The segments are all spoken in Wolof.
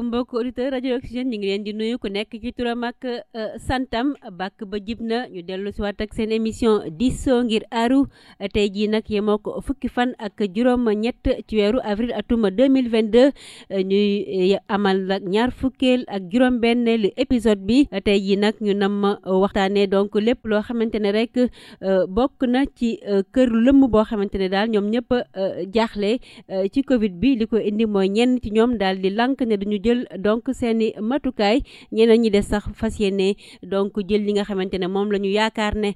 mbokk auditeur rajo Oxygène ñu ngi leen di nuyu ku nekk ci turam ak santam bàkk ba jib na ñu dellu si waat ak seen émission diisoo ngir aaru tey jii nag yemoo ko fukki fan ak juróom ñett ci weeru avril atum 2022 ñuy eh, amal nag ñaar fukkeel ak juróom benn lu épisode bi tey jii nag ñu nam waxtaanee donc lépp loo xamante ne rek eh, bokk na ci eh, kër lëmb boo xamante ne daal ñoom ñëpp jaaxle ci covid bi li ko indi mooy ñenn ci ñoom daal di lank ne duñu jël donc seeni matukaay ñeneen ñi des sax fas yéene donc jël li nga xamante ne moom la ñu yaakaar ne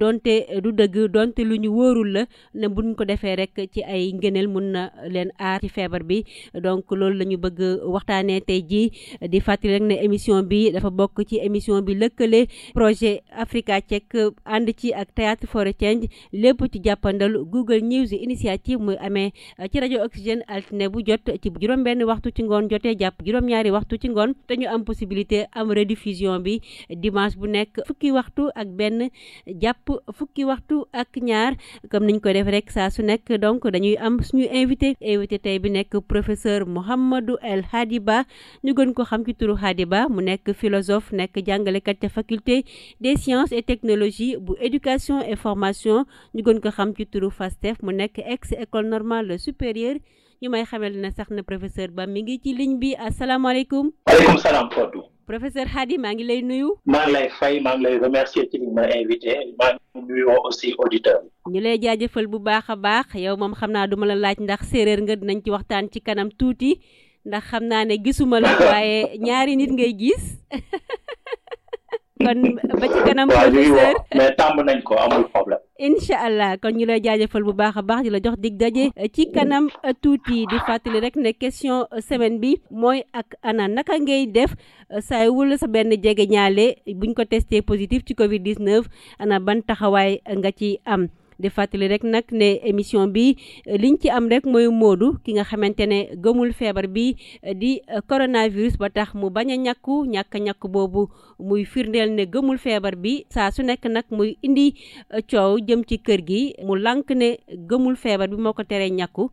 donte du dëgg donte lu ñu wóorul la ne bu buñ ko defee rek ci ay ngëneel mun na leen aar ci feebar bi donc loolu la ñu bëgg waxtaanee tey jii di fàttali rek ne émission bi dafa bokk ci émission bi lëkkale projet Africa Check ànd ci ak Théâtre for a Change lépp ci jàppandal Google News initiative muy amee ci rajo Oxygène altine bu jot ci juróom-benn waxtu ci ngoon jotee jàpp juróom-ñaari waxtu ci ngoon dimanche bu nekk fukki waxtu ak benn jàpp fukki waxtu ak ñaar comme niñ ko def rek saa su nekk donc dañuy am suñu invité invité tey bi nekk professeur Mouhamadou El Hadi Ba ñu gën ko xam ci turu Hadi Ba mu nekk philosophe nekk jàngalekat ca faculté des sciences et technologies bu éducation et formation ñu gën ko xam ci turu FASTEF mu nekk ex école normale supérieure ñu may xamal na sax na professeur Ba mi ngi ci ligne bi asalaamaaleykum. waaleykum salaam Fodou. professeur Hady maa ngi lay nuyu. maa ngi lay fay maa ngi lay remercier ci li ma invité maa ngi nuyoo aussi auditeur ñu lay jaajëfal bu baax a baax yow moom xam naa duma la laaj ndax séeréer nga dinañ ci waxtaan ci kanam tuuti ndax xam naa ne gisuma la waaye ñaari nit ngay gis. kon ba ci kanam professeur mais allah kon ñu lay jaajëfal bu baax a baax di la jox dig daje ci kanam tuuti di fàttali rek ne question semaine bi mooy ak ana naka ngay def saay wul sa benn jege ñaale buñ ko testé positif ci covid 19 ana ban taxawaay nga ci am di fàttali rek nag ne émission bi euh, liñ ci am rek mooy Modou ki nga xamante ne gëmul feebar bi euh, di euh, coronavirus ba tax mu bañ a ñàkku ñàkk ñàkk boobu muy firndeel ne gëmul feebar bi saa su nekk nag muy indi coow jëm ci kër gi mu lank ne gëmul feebar bi moo ko teree ñàkku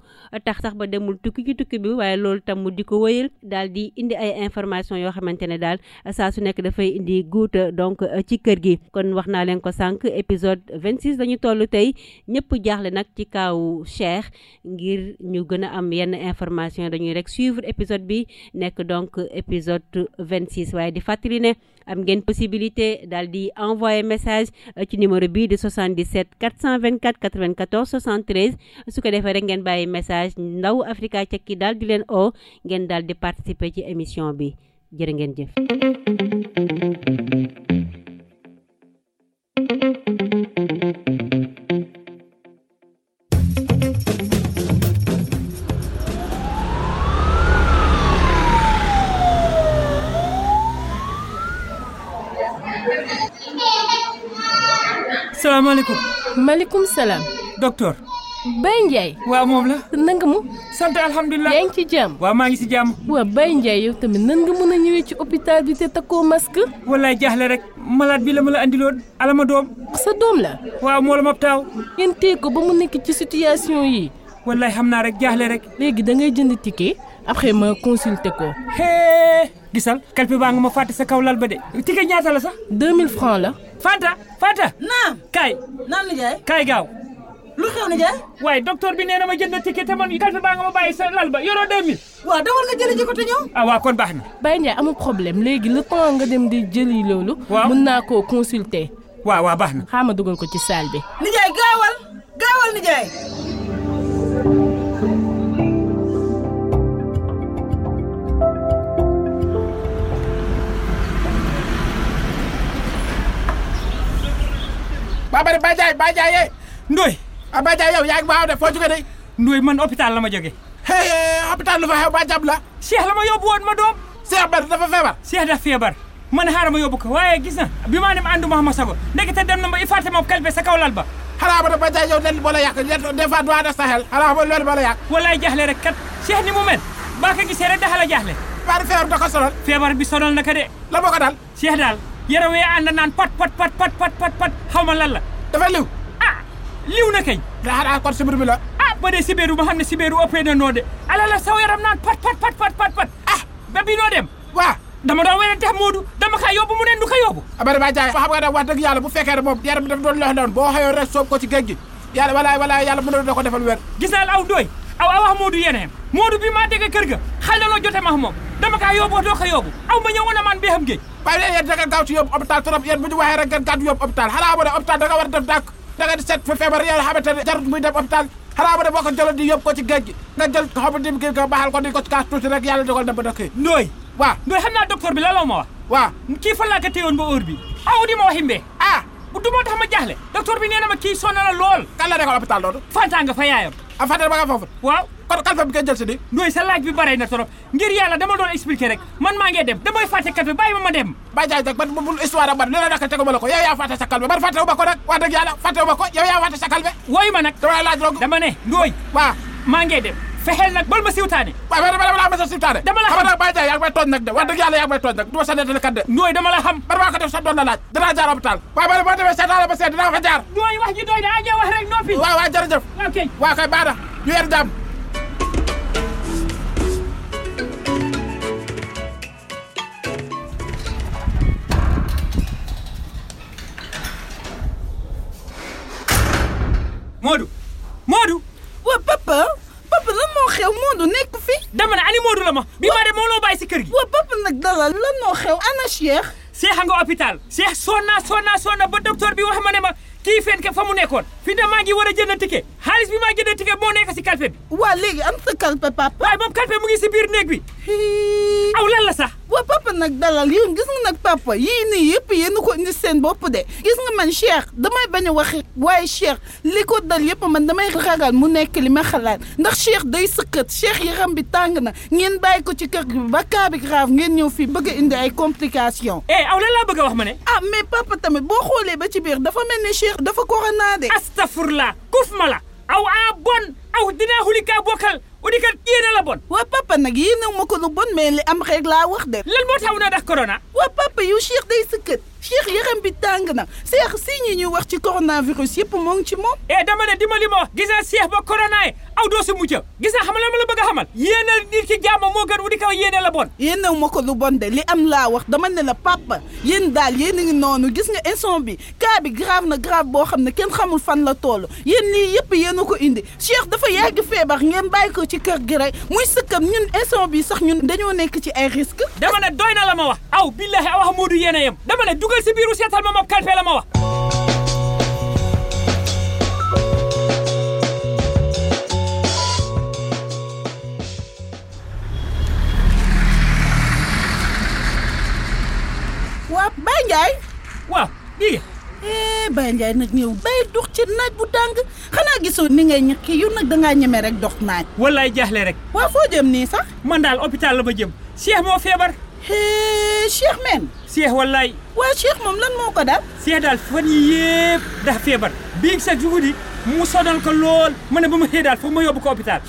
tax sax ba demul tukki ci tukki bi waaye loolu tam mu di ko wëyal daal di indi ay information yoo xamante ne daal saa su nekk dafay indi guuta donc ci kër gi kon wax naa leen ko sànq épisode 26 dañu toll tey ñëpp jaaxle nag ci kaaw Cheikh ngir ñu gën a am yenn information dañuy rek suivre épisode bi nekk donc épisode 26 waaye di fàttali ne am ngeen possibilité daal di envoyé message euh, ci numéro bii di 77 424 94 73 su ko defee rek ngeen bàyyi message ndaw Africa Check ki daal di leen o ngeen daal di participer ci émission bi jërë ngeen jëf salaam. docteur. Baye Ndiaye. waaw moom la. nanga mu. sant alhamdulilah yaa ngi ci jàmm. waaw maa ngi si jàmm. waaw Baye Ndiaye yow tamit nan nga mën a ñëwee ci hôpital bi te takkoo masque. wallaay jaaxle rek malaat bi la ma la andiloon ma doom. sa doom la. waaw moo la ma taaw. ngeen ko ba mu nekk ci situation yi wallaay xam naa rek jaaxle rek. léegi dangay ngay jënd ticket après ma consulter ko. hee gisal. kalpe baa nga ma fàtte sa kaw lal ba de. ticket ñaata la sax. 2000 la. Fanta Fanta. naam Kaay. naam Ndiaye. Kaay gaaw. lu xew Ndiaye. waaye docteur bi nee na ma jënd ticket te man kalfe baa nga ma bàyyi sa lal ba yoroo 2000. waaw dawal nga jëli ji ko te ñëw. ah waaw kon baax na. Baye Ndiaye amul problème léegi le temps nga dem di jëli loolu. waaw mën naa koo consulter. waaw waaw baax na. xaaral ma dugal ko ci salle bi. Ndiaye gaawal gaawal Ndiaye. ba bari Baye Ndiaye Baye Ndiaye yee. Eh. Ndoye. ah Baye Ndiaye de foo jógee de. Ndoye man hôpital la ma jógee. hey eh, hôpital lu fa xew ba la. Cheikh la ma yóbbu woon ma doom. Cheikh Bar dafa feebar. Cheikh dafa feebar. man xaaral ma yóbbu ko waaye gis na bi maa dem àndu ma xam sago ndekete dem na ma i fàtte moom kalbe sa kaw lal ba xanaa ba da ba jaay yow leen boo la yàq de sa xel xanaa ba loolu boo la yàq walaay jaaxle rek kat Cheikh ni mu mel baa a jaaxle feebar feebar bi sonal na ka la boo ko dal Cheikh daal yaram yi ànd naan pat pat pat pat pat pat pat xaw ma lan liw. ah liw na kañ. daa kon sibir bi la. ah ba dee ma xam ne sibiru ëppee na noo de. ala la saw yaram naan pat pat pat pat pat pat. ah dama doon wérante ak Moodu dama kaa yóbbu mu ne du ko yóbbu. abada ah, ba jaay xam nga bu fekkee ne moom yaram bi dafa doon lox doon boo xëyoon rek soob ko ci géej gi yàlla walaay walaay yàlla mënoon na ko defal wér. gis naa la aw dooy aw aw wax Moodu moom dama kaa yóbboo doo ko yóbbu aw ma ñëw man bi géej waaye léegi yéen da ngeen gaaw yóbbu hôpital trop yéen bu ñu waxee rek yóbbu hôpital xanaa bo ne hôpital da war a def dàkk da ngeen seet fa feebar yow xamante jarut muy dem hôpital xanaa bo ne boo ko di yóbbu ko ci gi nga jël xamu dim kii nga baaxal ko di ko ci kaas tuuti rek dogal na ba dëkk ndooy waaw ndooy xam naa docteur bi la la ma wax kii fan laa ko téyoon ba heure bi aw di ah. moo a kon kalfe bi ngeen jël si di ndooy sa laaj bi bare na trop ngir yàlla dama doon expliquer rek man maa ngee dem damay fàtte kalfe bàyyi ma ma dem bàyyi jaay nag man bu histoire ak man li la dakk teguma la ko yow yaa fàtte sa kalfe man fàttewu ma ko nag yaa fàtte sa kalfe wooyu ma nag dama laaj roog dama ne ndooy waaw maa ngee dem fexeel nag bal ma siwtaane waaw mais ma dama la xam nag bàyyi jaay yaa ngi may dama sa doon la laaj danaa jaar hôpital ba seet dinaa fa jaar ndooy wax ji doy na moo Modou. waaw papa papa lan moo xew Modou nekk fi. dama ne ani Modou la ma. bii maa de moo loo bàyyi si kër gi. waaw papa nag dalal lan moo xew ana Cheikh. Cheikh a nga hôpital. Cheikh sonna sonna sonna ba docteur bi wax ma ne ma kii fen ke fa mu nekkoon. fi de maa ngi war a jënd ticket xaalis bi ma jënd ticket moo nekk si calpe bi. waaw léegi am sa calpe papa. waaye moom calpe mu ngi si biir néeg bi. aw lan la sax. wa papa nag dalal yéen gis nga nag papa yii nii yëpp yéen ko indi seen bopp de gis nga man Cheikh damay bañ a waxi waaye Cheikh li ko dal yëpp man damay ragal mu nekk li ma ndax Cheikh day sëkkat Cheikh yaram bi tàng na ngeen bàyyi ko ci kër gi ba cas bi grave ngeen ñëw fii bëgg a indi ay complications. eh aw lan laa bëgg a wax ma ne. a ah, mais papa tamit boo xoolee ba ci biir dafa mel ne Cheikh dafa corona de. astafurla kuf ma la aw a ah, bon aw dinaa xuli kaa bokkal. mu di kat yéen a la bon waa papa nag yéen a ma lu bon mais li am rek laa wax de lan moo tax mu na dax corona waa papa yow Cheikh day sëkkat Cheikh yaram bi tàng na Cheikh sii ñi ñu wax ci coronavirus yëpp moo ci moom eh dama ne dimbali ma gis naa Cheikh ba aw doo si mucc gis naa xamal ma la bëgg a xamal yéen a nit moo gën wu di kaw yéen la bon yéen a ma ko lu bon de li am laa wax dama ne la papa yéen daal yéen a ngi noonu gis nga instant bi cas bi grave na grave boo xam ne kenn xamul fan la tool yéen lii yëpp yéen ko indi Cheikh dafa yàgg feebar ngeen bàyyi ko kër gi rek muy sëkkam ñun instant bi sax ñun dañoo nekk ci ay risque dama ne doy na la ma wax aw billahi aw Amadou yéen a yem dama ne dugal si biiru seetal ma moom kalpe la ma wax waa Baye waaw dégg yaay Baye Ndiaye nag ñëw bay dox ci naaj bu tàng xanaa gisoo ni ngay ñàkk yu nag dangaa ñeme rek dox naaj. wallaay jaaxle rek. waa foo jëm nii sax. man daal hôpital la ma jëm. Cheikh moo feebar. hee Cheikh men. Cheikh wallaay. waa Cheikh moom lan moo ko daal. Cheikh daal fan yii yëpp ndax feebar. bii sa jugu mu sonal ko lool ma ne ba ma xëy daal foog ma yóbbu ko hôpital.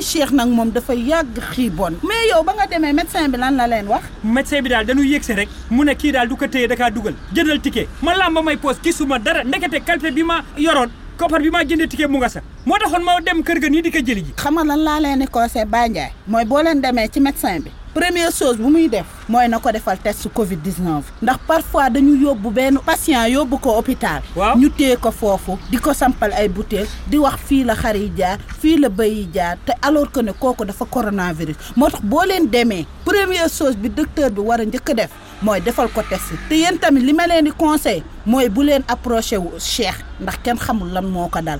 booy Cheikh nag moom dafa yàgg bon mais yow ba nga demee médecin bi lan la leen wax médecin bi daal dañu yëgse rek mu ne kii daal du ko téye dakaa dugal jëndal ticket ma laam ba may poos gisuma dara ndekete kalpe bi ma yoroon koppar bi maa jëndee ticket mu nga sa moo taxoon ma dem kër ga nii di ko jëli ji. xam nga lan laa leen di conseillé Baye Ndiaye mooy boo leen demee ci médecin bi. première chose bu muy def mooy na ko defal test Covid 19 ndax parfois dañu yóbbu benn patient yóbbu ko hôpital. waaw ñu téye ko foofu di ko sampal ay butéel di wax fii la xar yi jaar fii la bëy yi jaar te alors que ne kooku dafa coronavirus moo tax boo leen demee première chose bi docteur bi war a njëkk a def mooy defal ko test te yéen tamit li ma leen di conseil mooy bu leen approché wu Cheikh ndax kenn xamul lan moo ko dal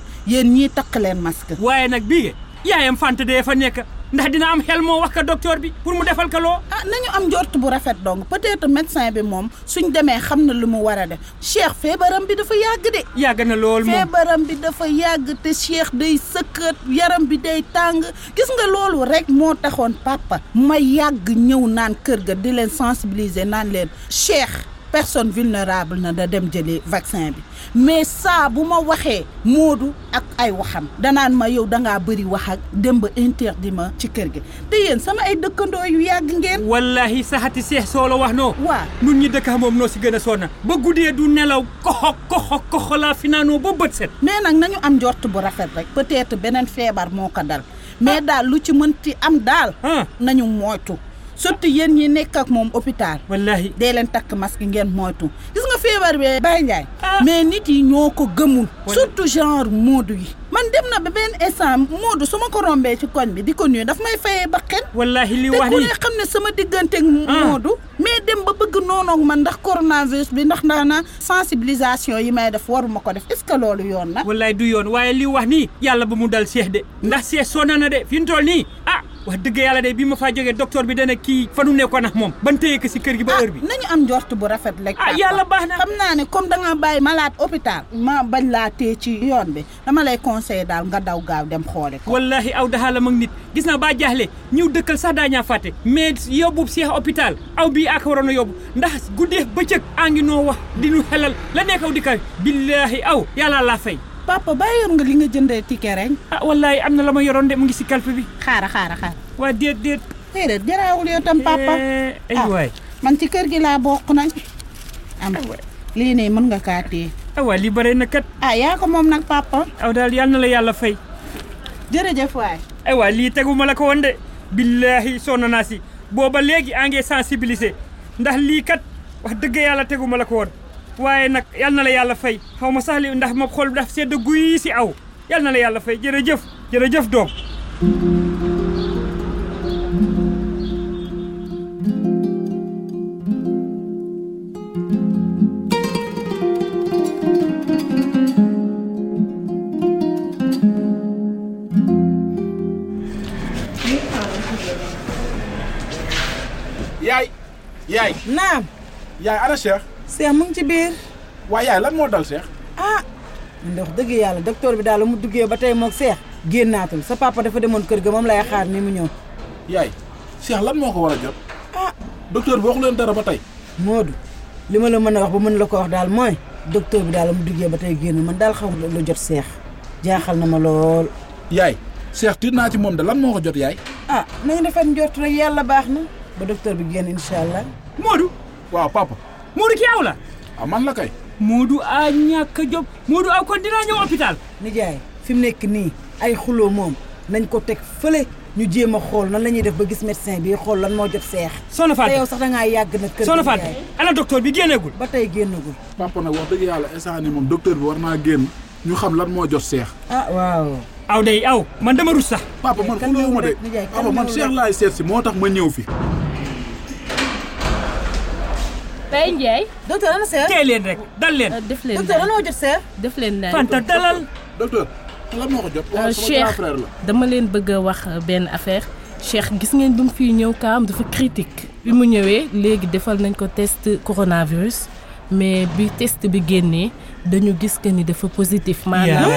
leen masque. waaye nag bii yaayam fànte dee fa nekk ndax dina am xel moo wax ko docteur bi pour mu defal ko loo. ah nañu am njort bu rafet donc peut-être médecin bi moom suñ demee xam na lu mu war a def Cheikh feebaram bi dafa yàgg de. yàgg na lool moom feebaram bi dafa yàgg te Cheikh day sëkkat yaram bi day tàng gis nga loolu rek moo taxoon papa ma yàgg ñëw naan kër ga di leen sensibiliser naan leen Cheikh. personne vulnérable na da dem jëlee vaccin bi mais saa bu ma waxee moodu ak ay waxam danaan ma yow dangaa bëri wax ak dem ba interdit ma ci kër gi te yéen sama ay dëkkandoo yu yàgg ngeen wallahi saxati seex soo la wax noo waaw nun ñi dëkk moom noo ci gën a sonna ba guddee du nelaw koxo koxo koxo laa fi naanoo ba bët set mais nag nañu am njort bu rafet rek peut-être beneen feebar moo ko dal mais ah. daal lu ci mënti am daal ah. nañu moytu surtout yéen ñi nekk ak moom hôpital. wallaahi dee leen takk masque ngeen moytu. gis nga feebar bi Baye Ndiaye. Ah. mais nit yi ñoo ko gëmul. surtout genre moodu yi. man dem na ba benn instant moodu su ma ko rombee ci koñ bi di ko nuyu daf may fayee ba xel. wallaahi li wax te ku ne xam ne sama digganteeg ah. moodu. mais dem ba bëgg noonu ak man ndax coronavirus bi ndax ndax na sensibilisation yi may def waruma ko def est-ce que loolu yoon na. wallaahi du yoon waaye lii wax nii. yàlla ba mu dal seex de. ndax seex sonn na de nii ah, wax dëgg yàlla de bi ma faa jogee docteur bi dana kii fanu nekkoon ak moom ban téye ko si kër gi ba ah, heure bi nañu am njort bu rafet rek ah yàlla baax na xam naa ne comme da nga bàyyi malade ma bañ laa téye ci yoon bi dama lay conseillé daal nga daw gaaw dem xoole ko wallahi aw daxaa la mag nit gis na baa jaaxle ñëw dëkkal sax daañaa fàtte mais yóbbu seex hôpital aw bi ak waroon a yóbbu ndax guddee bëccëg a ngi noo wax di ñu xelal la nekk aw di kay billaahi aw yàlla laa fay papa baa yor nga li nga jëndee ticket rek. ah wallaay am na la ma yoroon de mu ngi si calpe bi. xaara xaara xaar. waa déet déet. déedéet jaraawul yow tam papa. Eh, ah, ay waay man ci kër gi laa bokk nag. am lii ne mën nga kaa téye. awa lii bare na kat. ah yaa moom nag papa. aw daal yal na la yàlla fay. jërëjëf waay. aywa lii teguma la ko woon de. billaahi sonn naa si booba léegi a ngi sensibiliser ndax lii kat wax dëgg yàlla teguma la ko woon. waaye nag yal na la yàlla fay xaw ma sax ndax ma xool daf sedd guy si aw yal na la yàlla fay jërëjëf jërëjëf doom yaay yaay naam yaay ana Cheikh Cheikh mu ngi ci biir. waaye yaay lan moo dal Cheikh. ah ndox dëgg yàlla docteur bi daal la mu duggee ba tey moo Cheikh génnaatul sa papa dafa demoon kër ga moom laay xaar ni mu ñëw. yaay Cheikh lan moo ko war a jot. ah docteur boo waxu leen dara ba tey. du li ma la mën a wax ba mën la ko wax daal mooy docteur bi daal mu duggee ba tey génn man daal xaw lu jot seex jaaxal na ma lool. yaay Cheikh tiit naa ci moom de lan moo ko jot yaay. ah nañu defar njort rek yàlla baax na ba docteur bi génn incha allah. waaw papa. Modou ki aw la. ah man la kay. du a ñàkk a jóg Modou aw kon dinaa ñëw hôpital. nijaay fi mu nekk nii ay xuloo moom nañ ko teg fële ñu jéem a xool nan la ñuy def ba gis médecin bi xool lan moo jot seex. Soxna Fatou te yow sax da yàgg na. kër Soxna Fatou bi génneegul. ba tey génneegul. papa nag wax dëgg yàlla instant ni moom docteur bi war naa génn ñu xam lan moo jot seex. ah waaw. aw day aw man dama rus sax. papa man xuloo ma de papa man seex seet si moo tax ma ñëw fi Baye Ndiaye. docteur ana seer. tey leen rek dal leen. Euh, def leen docteur ana def leen daal Fanta dalal. docteur lan euh, dama leen bëgg a wax euh, benn affaire. Cheikh gis ngeen bi mu fiy ñëw kaam dafa critique bi mu ñëwee léegi defal nañ ko test coronavirus. mais bi test bi génnee dañu gis que ni dafa positif. maanaam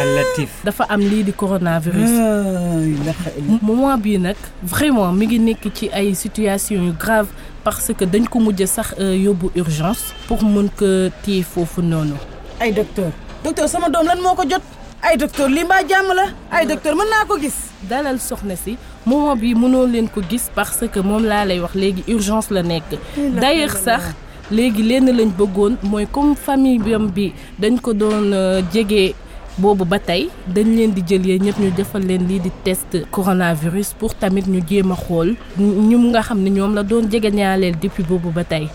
dafa am lii di coronavirus. Ah, moment bii nag vraiment mi ngi nekk ci ay situation yu grave parce que dañ ko mujj sax euh, yóbbu urgence pour mën ko téye foofu noonu. ay docteur docteur sama doom lan moo ko jot. ay docteur lii mbaa jàmm la ay docteur mën naa ko gis. dalal soxna si moment bi mënoo leen ko gis parce que moom laa lay wax léegi urgence la nekk. d'ailleurs sax. léegi lenn lañ bëggoon mooy comme famille bam bi dañu ko doon euh, jege boobu ba tey dañu leen di jël yéen ñëpp ñu defal leen lii di test coronavirus pour tamit ñu jéem a xool ñum nga xam ni ñoom la doon jege ñaaleel depuis boobu ba tey.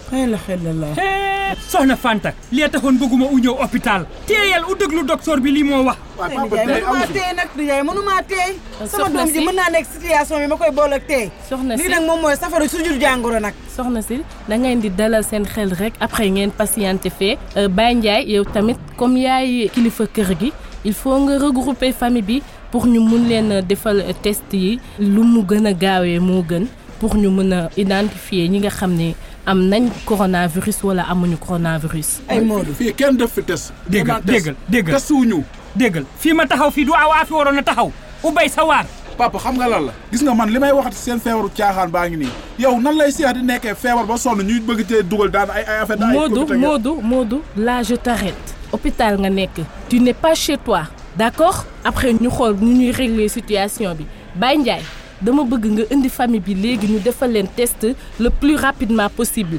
soxna Fanta. lee taxoon bëgguma u ñëw hôpital. teeyal u déglu docteur bi lii moo wax. waaw papa tey amu si nag yaay mënumaa tey sama doom mën naa nekk situation bi ma koy boole ak soxna si lii nag moom mooy safara su jur jàngoro nag soxna si da ngeen di dalal seen xel rek après ngeen patienté fee euh, Baye Ndiaye yow tamit comme yaay kilifa kër gi il faut nga regrouper famille bi pour ñu mun leen defal test yi lu mu gën a gaawee moo gën pour ñu mën a identifier ñi nga xam ne am nañ coronavirus wala amuñu coronavirus. ay Maodo fii kenn def fi test. déggal déggal déggal test déggal fii ma taxaw fii du aw aa fi waroon a taxaw ubbay sa waar papa xam nga lan la gis nga man li may ci seen feebaru caaxaan baa ngi nii yow nan lay seex di nekkee feebar ba sonn ñuy bëgg tee dugal daan ay ay affaire Modou Modou Modou là je t'arrête hôpital nga nekk tu n'es pas chez toi d'accord après ñu xool nu ñuy régler situation bi Baye Ndiaye dama bëgg nga indi famille bi léegi ñu defal leen test le plus rapidement possible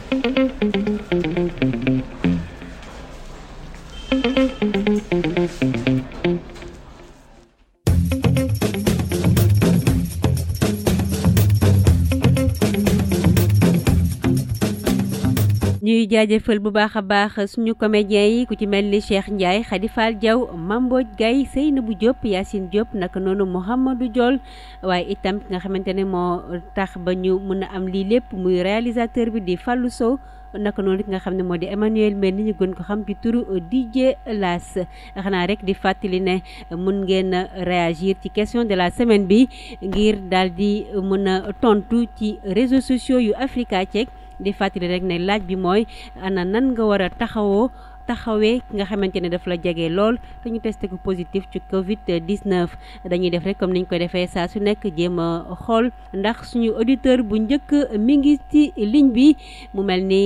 jaajëfal bu baax a baax suñu comédiens yi ku ci mel ni Cheikh Ndiaye Khady Fall Diaw Mame Mbodj Gaye Seynabou Diop Yacine Diop naka noonu Mouhamadou Diol waaye itam ki nga xamante ne moo tax ba ñu mën a am lii lépp muy réalisateur bi di Fallou Sow naka noonu ki nga xam ne moo di Emmanuel Mbène ni ñu gën ko xam ci turu DJ Las xanaa rek di fàttali ne mun ngeen réagir ci question de la semaine bi ngir daal di mën a tontu ci réseaux sociaux yu Africa Check di fàttali rek ne laaj bi mooy ana nan nga war a taxawoo taxawee ki nga xamante ne daf la jege lool te ñu testé ko positif ci Covid 19 dañuy def rek comme ñu koy defee saa su nekk jéem xool ndax suñu auditeur bu njëkk mi ngi ci ligne bi mu mel ni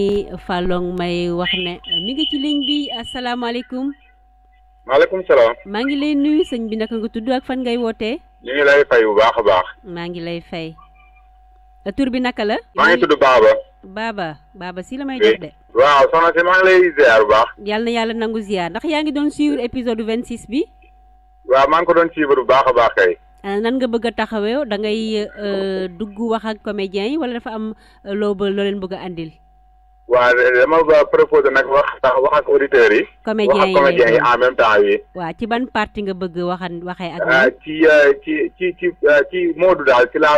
Fallong may wax ne mi ngi ci ligne bi asalaamaaleykum. maaleykum maa ngi lay nuyu sëñ bi naka nga tudd ak fan ngay wootee. ñu ngi lay fay bu baax baax. maa ngi lay fay. tur bi naka la. maa ngi tudd Baba. Baba Baba si la may jot de. waaw soxna si maa lay ziar bu baax. yàlla yàlla nangu ziar ndax yaa ngi doon suivre épisode 26 bi. waaw maa ngi ko doon suivre bu baax a baax kay. Ah, nan nga bëgg a taxawee da ngay euh, dugg wax ak comédiens yi wala dafa am euh, loo ba loo leen bëgg a waaw dama proposé nag wax tax wax ak auditeurs yi. comédiens yi wax ak comédiens yi en yi. waaw ci ban partie nga bëgg waxan waxee ak. Ah, euh, ci ci ci euh, ci ci moodu daal ci laa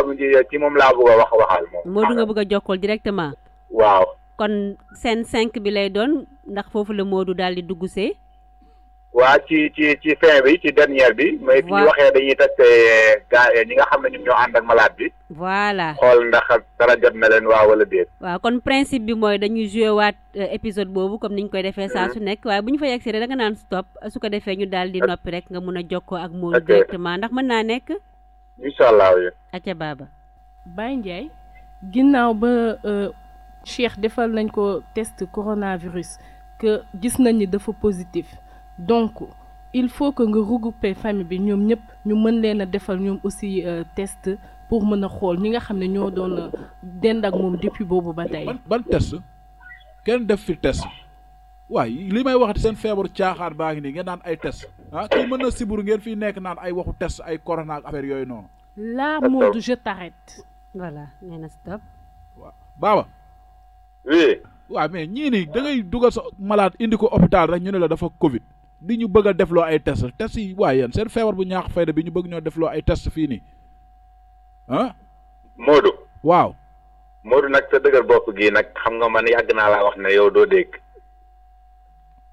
ci moom laa bëgg a wax waxal moom. Modou nga bëgg a jokkoo directement. waaw kon seen 5 bi lay doon ndax foofu la Modou daal di dugg see. waa ci ci ci fin bi ci dernière bi. mooy fi waxee dañuy testé gaa ñi nga xam ne ñun ñoo ànd ak malade bi. voilà xool ndax dara jot na leen waa wala déet. waaw kon principe bi mooy dañuy joué waat euh, épisode boobu comme ni niñ koy defee saa mm-hmm. su nekk waaye bu ñu fa yegg si danga naan stop su ko defee ñu daal di ah. noppi rek nga mun a jokkoo ak Modou directement ndax mën naa nekk. incha allah. acca baaba. Baye Ndiaye. ginnaaw ba euh, Cheikh defal nañ ko test coronavirus que gis nañ ni dafa positif. donc il faut que nga regrouper famille bi ñoom ñëpp ñu mën leen a defal ñoom aussi euh, test pour mën a xool ñi nga xam ne ñoo doon euh, dend ak moom depuis boobu ba tey. ban ban test kenn def fi test waaye li may waxati seen feebaru caaxaan baa ngi nii ngeen naan ay test ah kii mën na siburu ngeen fiy nekk naan ay waxu test ay corona ak affaire yooyu noonu. là Modou je t'arrête. voilà nee na stop. ñii nii da dugal sa malaat indi ko hôpital rek ñu ne la dafa Covid. di ñu bëgg a defloo ay test test yi waaye yéen seen feebar bu ñaax fayda bi ñu bëgg ñoo defloo ay test fii nii ah. waaw. moodu nag sa dëgër bopp gii nag xam nga man yàgg naa laa wax ne yow doo dégg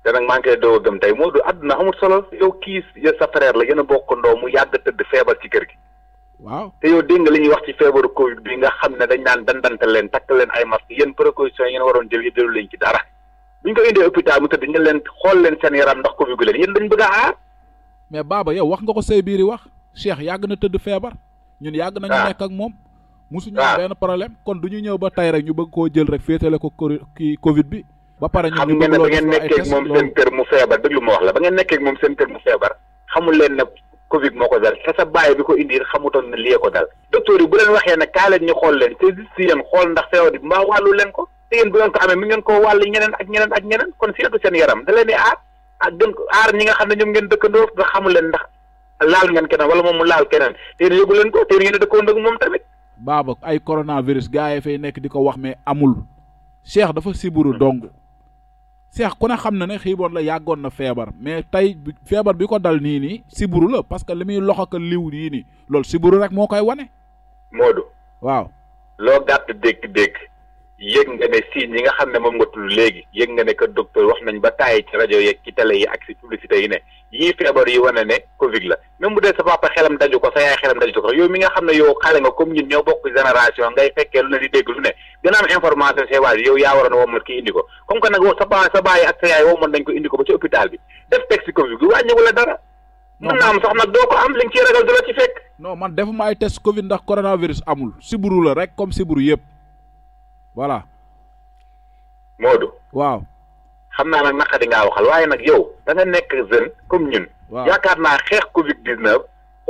te nag maa ngi koy doo gëm tey Modou àdduna amul solo yow kii sa frère la yéen a bokk ndoo mu yàgg tëdd feebar ci kër gi. waaw te yow dégg nga li ñuy wax ci feebaru Covid bi nga xam ne dañ daan dandante leen takk leen ay masque yéen précaution yéen waroon jël yi jëlu leen ci dara. bi ñu ko indee hôpital mu tëdd ñu leen xool leen seen yaram ndax Covid gu leen yéen dañ bëgg a aar. mais baaba yow wax nga ko say biiri wax Cheikh yàgg na tëdd feebar. ñun yàgg nañu ah. nekk ak moom. musuñu ah. am benn problème kon du ñu ñëw ba tey rek ñu bëgg koo jël rek féetale ko kii Covid bi. ba pare ñun ñu bëgg loo def ay test ba ngeen nekkee moom seen kër mu feebar déglu ma wax la ba ngeen nekkee moom seen kër mu feebar xamul leen ne Covid moo ko dal te sa bàyyi ko indi xamutoon ne lii ko dal. docteur yi bu leen waxee ne kaa xool leen te si xool ndax feebar bi mbaa ko te yéen bu ngeen ko amee mi ngeen ko wàll ñeneen ak ñeneen ak ñeneen kon seetu seen yaram da di aar ak gën ko aar ñi nga xam ne ñoom ngeen dëkkandoo nga xamul leen ndax laal ngeen keneen wala moom mu laal keneen te yéen yëgu leen ko te yéen ngeen dëkkandoo ak moom tamit. baaba ay gaa fay nekk di ko wax mais amul. Cheikh dafa siburu dong. Cheikh ku ne xam na ne xiiboon la yàggoon na feebar mais tey feebar bi ko dal nii nii siburu la parce que li muy loxo ko liw nii nii loolu siburu rek moo koy wane. Modou. waaw. loo gàtt dégg dégg. yëg nga ne signes yi nga xam ne moom nga tudd léegi yëg nga ne que docteur wax nañ ba tàyyi ci rajo yeeg ci télé yi ak ci publicité yi ne yii feebar yi wane ne Covid la même bu dee sa papa xelam daju ko sa yaay mi nga xam ne yow xale nga comme ñun ñoo bokk génération ngay fekkee lu am information yaa waroon womal kii ko comme que nag sa ba sa baay ak sa ci am sax nag ragal du la ci fekk. non man defuma ay test Covid ndax coronavirus amul siburu la rek comme siburu yëpp voilà. Modou. waaw. xam naa nag naqari ngaa waxal waaye nag yow da nekk jeune comme ñun. waaw yaakaar naa xeex bi 19.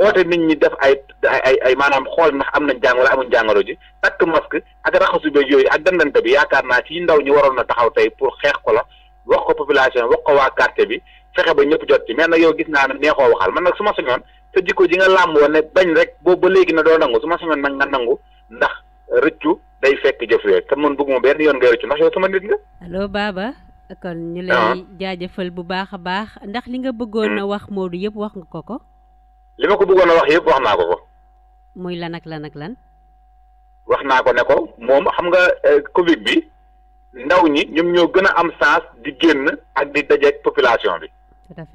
oote nit ñi def ay ay ay maanaam xool ndax am na jàng wala amuñ jàngoro ji takk masque ak raxasu beeg yooyu ak dandante bi yaakaar naa ci ndaw ñi waroon na taxaw tey pour xeex ko la wax ko population wax ko waa quartier bi fexe ba ñëpp jot ci mais nag yow gis naa ne neexoo waxal man nag su ma sañoon sa jikko ji nga làmb woon ne bañ rek boobu b léegi na doo nangu su ma sañoon nag nga nangu ndax. rëccu day fekk jëf yooyu te man bëgguma benn yoon ngay rëccu ndax yow sama nit la allo Baba. kon ñu lay ah. jaajëfal bu baax a baax ndax li nga bëggoon hmm. a wax Modou yëpp wax nga ko ko. li ma ko bëggoon a wax yëpp wax naa ko ko. muy lan ak lan ak lan. wax naa ko ne ko moom xam nga eh, Covid bi ndaw ñi ñoom ñoo gën a am chance di génn ak di dajeeg population bi. tout à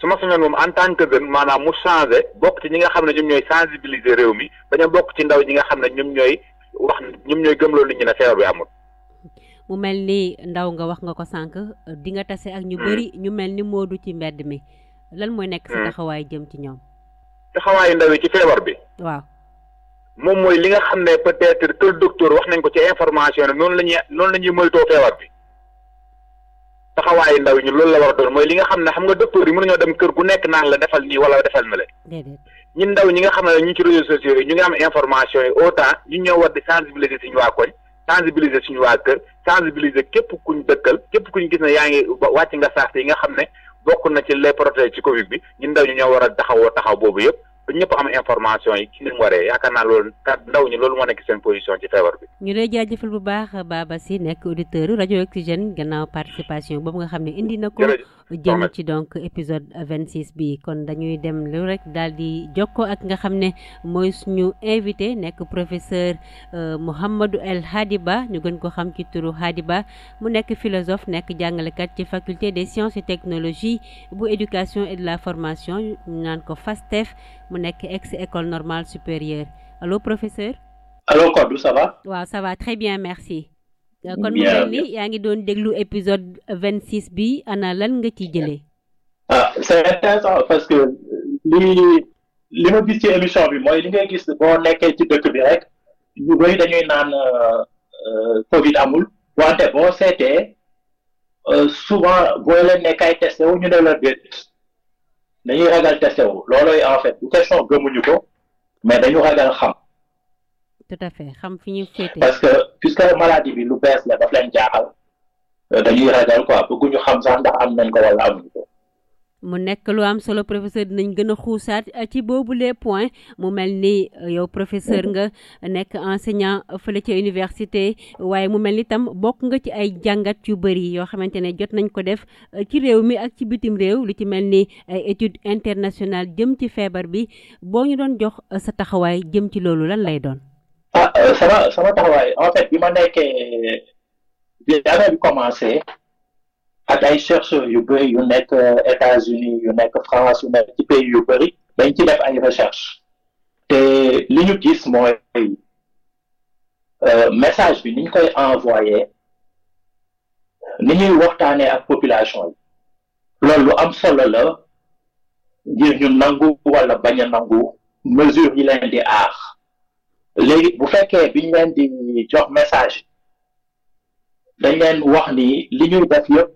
su ma sañoon moom en tant que gën maanaam mu changé bokk ci ñi nga xam ne ñoom ñooy sensibiliser réew mi bañ a bokk ci ndaw ñi nga xam ne ñoom ñooy wax ñoom ñooy gëmloo nit ñu ne feebar bi amul. mu mel ni ndaw nga wax nga ko sànq di nga tase ak ñu hmm. bëri ñu mel ni du ci mbedd mi lan mooy nekk sa hmm. taxawaay jëm ci ñoom. taxawaayu ndaw yi ci feebar bi. waaw moom mooy li nga xam ne peut-être que docteur wax nañ ko ci information noonu la ñuy noonu lañ ñuy moytoo feebar bi. taxawaayu ndaw ñi loolu la war a doon mooy li nga xam ne xam nga docteur yi mënuñoo dem kër gu nekk naan la defal nii wala defal na la ñun ndaw ñi nga xam ne ñu ci réseaux sociaux yi ñu ngi am information yi autant ñu ñoo war di sensibiliser suñu waa koñ sensibiliser ñu waa kër sensibiliser képp ku kuñ dëkkal képp kuñ gis ne yaa ngi wàcc nga saas yi nga xam ne bokk na ci les protéines ci Covid bi ñu ndaw ñu ñoo war a taxawoo taxaw boobu yëpp ñëpp am information yi ci li waree yaakaar naa loolu ndaw ñi loolu moo nekk seen position ci feebar bi. ñu lay jaajëfal bu baax Baba Sy nekk auditeur rajo Oxygène gannaaw participation boobu nga xam ne indi na ko. jëm ci donc épisode vingt six bi kon dañuy dem lu rek daal di jokkoo ak nga xam ne mooy suñu invité nekk professeur euh, Mouhamadou El Hady Ba ñu gën ko xam ci turu Hady Ba mu nekk philosophe nekk jàngalekat ci faculté des sciences et technologies bu éducation et de la formation ñu naan ko FASTEF mu nekk ex école normale supérieure allo professeur. allo Kodou ça waaw ça très bien merci. Euh, kon mu ni yaa ngi doon déglu épisode vingt six bi ana lan nga ci jëlee ah c'est intéressant parce que li li ma gis ci émission bi mooy li ngay gis boo nekkee ci dëkk bi rek ñu bëri dañuy naan euh, euh, covid amul wante boo seetee souvent boo leen ne kay wu ñu ne la déet dañuy ragal testé wu en fait bu question gëmuñu ko mais dañu ragal xam tout à xam fi ñu féete. parce que puisque maladie bi lu bees la daf leen jaaxal euh, dañuy ragal quoi bëgguñu xam sax ndax am nañ ko wala amuñu mu nekk lu am solo professeur dinañ gën a xuusaat euh, ci boobu les points mu mel ni euh, yow professeur nga nekk enseignant fële ca université waaye mu mel ni tam bokk nga ci ay jàngat yu bari yoo xamante ne jot nañ ko def ci réew mi ak ci bitim réew lu ci mel ni ay étude internationale jëm ci feebar bi boo ñu doon jox sa taxawaay jëm ci loolu lan lay doon. ah sama sama taxawaay en fait bi ma nekkee bi bi commencé ak ay chercheurs yu bëri yu nekk euh, États-Unis yu nekk France yu nekk ci pays yu bëri dañ ci def ay recherche te li ñu gis mooy euh, message bi ni koy envoyé ni ñuy waxtaanee ak population yi lu am solo la ngir ñu nangu wala bañ a nangu mesure yi leen di aar. léegi bu fekkee biñ leen di jox message dañ leen wax ni li ñuy def yëpp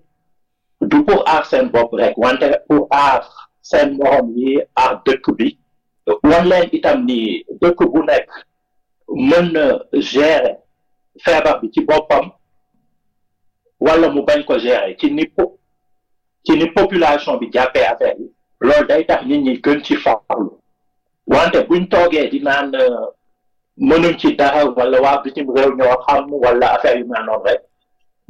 du pour aar seen bopp rekk wante pour aar seen morom yi aar dëkk bi wan itam ni dëkk bu nekk mën na gérer feebar bi ci boppam wala mu bañ ko gérer ci ni ci ni population bi jàppee affaire yi loolu day tax nit ñi gën ci farlu wante buñ toogee di mënul ci dara wala waa bitim réew ñoo xam wala affaire yu mel noonu rek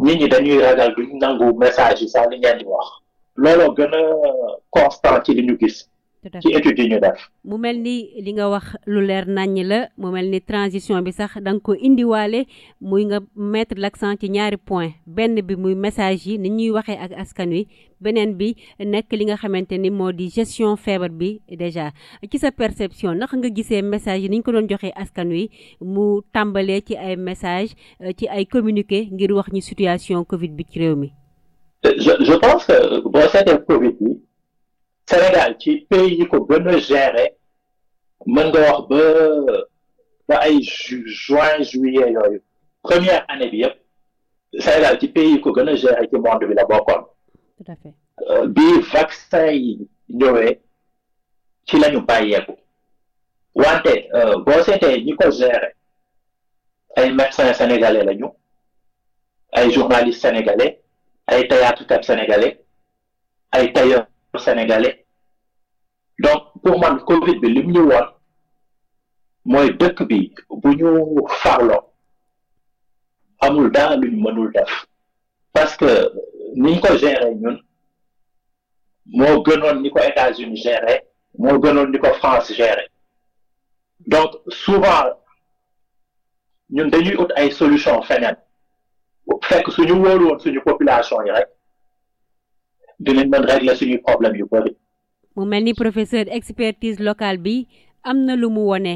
nit ñi dañuy ragal duñ nangu message yi sax li ngeen di wax looloo gën a constant ci li ñu gis ci mu mel ni li nga wax lu leer naññ la mu mel ni transition bi sax danga ko indiwaale muy nga mettre l'accent ci ñaari point benn bi muy message yi ni ñuy waxee ak askan wi beneen bi nekk li nga xamante ni moo di gestion feebar bi déjà ci sa perception ndax nga gisee message yi ni ñu ko doon joxee askan wi mu tàmbalee ci ay message euh, ci ay communiqué ngir wax ñu situation Covid bi ci réew mi. Sénégal ci pays yi ko gën a gérer mën nga wax juin juillet yooyu première année bi yëpp Sénégal ci pays yi ko gën a gérer ci monde bi la bokkoon. Euh, bi vaccin yi ñëwee ci lañu bàyyeeku wante euh, boo seetee ñi ko gérer ay médecins sénégalais lañu ay journalistes sénégalais ay théâtre kat sénégalais ay tailleurs sénégalais. donc pour man Covid bi lim ñu woon mooy dëkk bi bu ñu farloo amul dara luñ mënul def parce que niñ ko géré ñun moo gënoon ni ko États-Unis géré moo gënoon ni ko France géré donc souvent ñun dañuy ut ay solution feneen fekk suñu wóolu woon suñu population yi rek dinañ mën régler suñuy problème yu bëri mu mel ni professeur expertise locale bi am na lu mu wone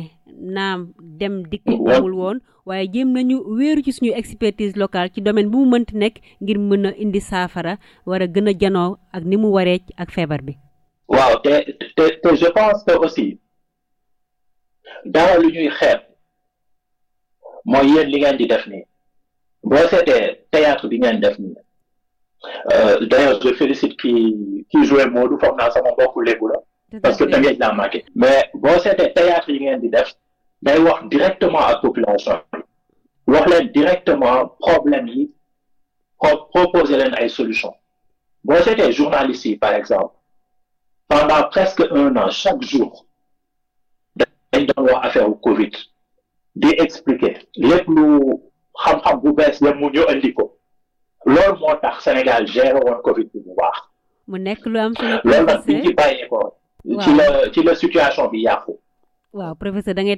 naam dem dikk amul woon waaye jéem nañu wéeru ci suñu expertise locale ci domaine bu mu mënti nekk ngir mën a indi saafara war a gën a janoo ak ni mu waree ak feebar bi. waaw te te te je pense que aussi dara lu ñuy xeeb mooy yéen li ngeen di def nii boo seetee théâtre bi ngeen def nii. Euh, d'ailleurs je félicite kii kii joué Modou foog naa sama mbokku la. parce que Tëngéej laa màggee. mais boo seetee théâtre yi ngeen di def day wax directement ak population bi wax directement problème yi pro proposer leen ay solution boo seetee journalistes yi par exemple pendant presque un an chaque jour dañ doon wax affaire Covid di expliquer lépp lu xam-xam bu bees yëpp mu ñu andi ko. loolu moo tax Sénégal géré woon Covid bi bu baax. mu nekk lu am solo loolu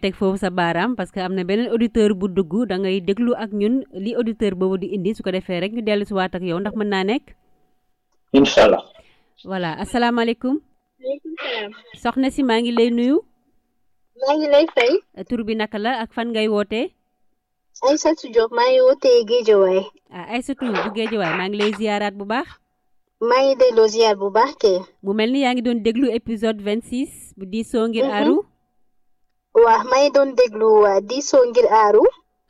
teg foofu sa baaraam parce que am na beneen auditeur bu dugg da ngay déglu ak ñun li auditeur boobu di indi su ko defee rek ñu dellu si yow ndax naa nekk. incha voilà asalaamaaleykum. maaleykum si maa ngi lay nuyu. tur bi naka la ak fan ngay wootee. Aïssatou Diop maa ngi wootee Géejawaay. ah Aïssatou bu Géejawaay maa ngi lay ziaraat bu baax. maa ngi delloo ziar bu baax kay. bu mel ni yaa ngi doon déglu épisode vingt six bu diisoo ngir aaru. waa maa ngi doon déglu waa diisoo ngir aaru.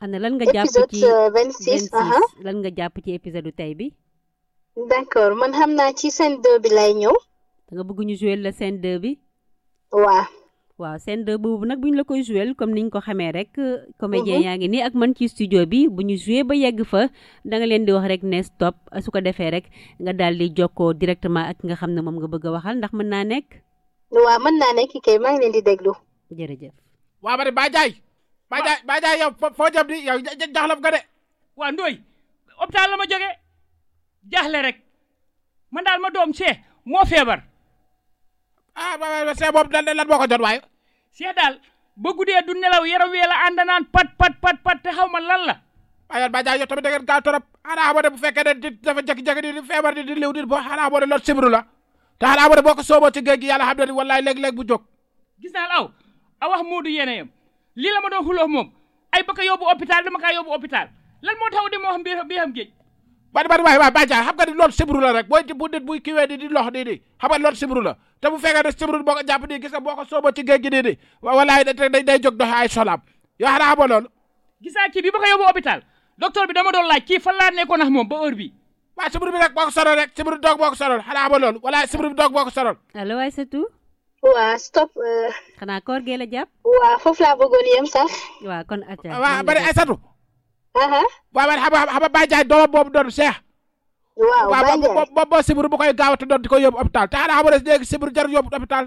ana lan nga jàpp ci épisode vingt six nga jàpp ci épisode tey bi. d'accord man xam naa ci scène 2 bi lay ñëw. da nga bëgg ñu jouer la scène 2 bi. waaw. waaw seen de boobu nag bu ñu la koy joué comme niñ ko xamee rek. Euh, comédien mhm. yaa ngi nii ak man ci studio bi bu ñu joué ba yegg fa danga leen di wax rek ne stop su ko defee rek nga daal di jokkoo directement ak nga xam ne moom nga bëgg a waxal ndax mën naa nekk. waaw mën naa nekk kay maa ngi leen déglu. jërëjëf. waa bari Ba Ndiaye. Ba Ndiaye Ba Ndiaye yow foo jëm di yow jaxlaf nga de. waa Ndoye. hôpital la ma jógee jaaxle rek mën daal ma doom see moo feebar. ah ba see boobu lan lan boo ko jot waaye. see daal ba guddee du nelaw yaram wee la ànd naan pat pat pat pat te xaw ma lan la. waaye ba jaay yow tamit gaaw torop xanaa boo bu fekkee ne di dafa jékki-jékki di feebar di di liw di boo xanaa boo de lot sibru la te xanaa boo de boo ko sooboo ci géej gi yàlla xam wallaay léeg-léeg bu jóg. gis aw a wax Moodu yéene yam la ma doon xuloo moom ay ba ko yóbbu hôpital dama kaa yóbbu hôpital lan moo tax ba di ba di waay waay bàjjaa xam nga ni loolu sibru la rek booy bu nit buy kiiwee di di lox di di xam nga loolu sibru la te bu fekkee ne sibru boo ko jàpp nii gis ci géej gi nii di walaay day day jóg doxe ay solaam yoo xanaa xamoo loolu gisaa kii bi ba ko yóbbu hôpital bi dama doon laaj kii fan laa nekkoon ak moom ba heure bi waaw sibru bi rek boo ko soroon rek sibru doog boo ko soroon xanaa xamoo loolu walaay sibru doog boo ko soroon allo waay waa stop. Euh. xanaa koor gee la waa foofu laa bëggoon yem sax. waa kon. waaw Uh-huh. waaw man xam nga xam nga Baye Ndiaye doomam boobu doon Cheikh. waaw Baye Ndiaye waaw boobu boo sibiru bu koy gaaw te di ko yóbbu hôpital te xanaa xam nga léegi sibiru jarul yóbbu hôpital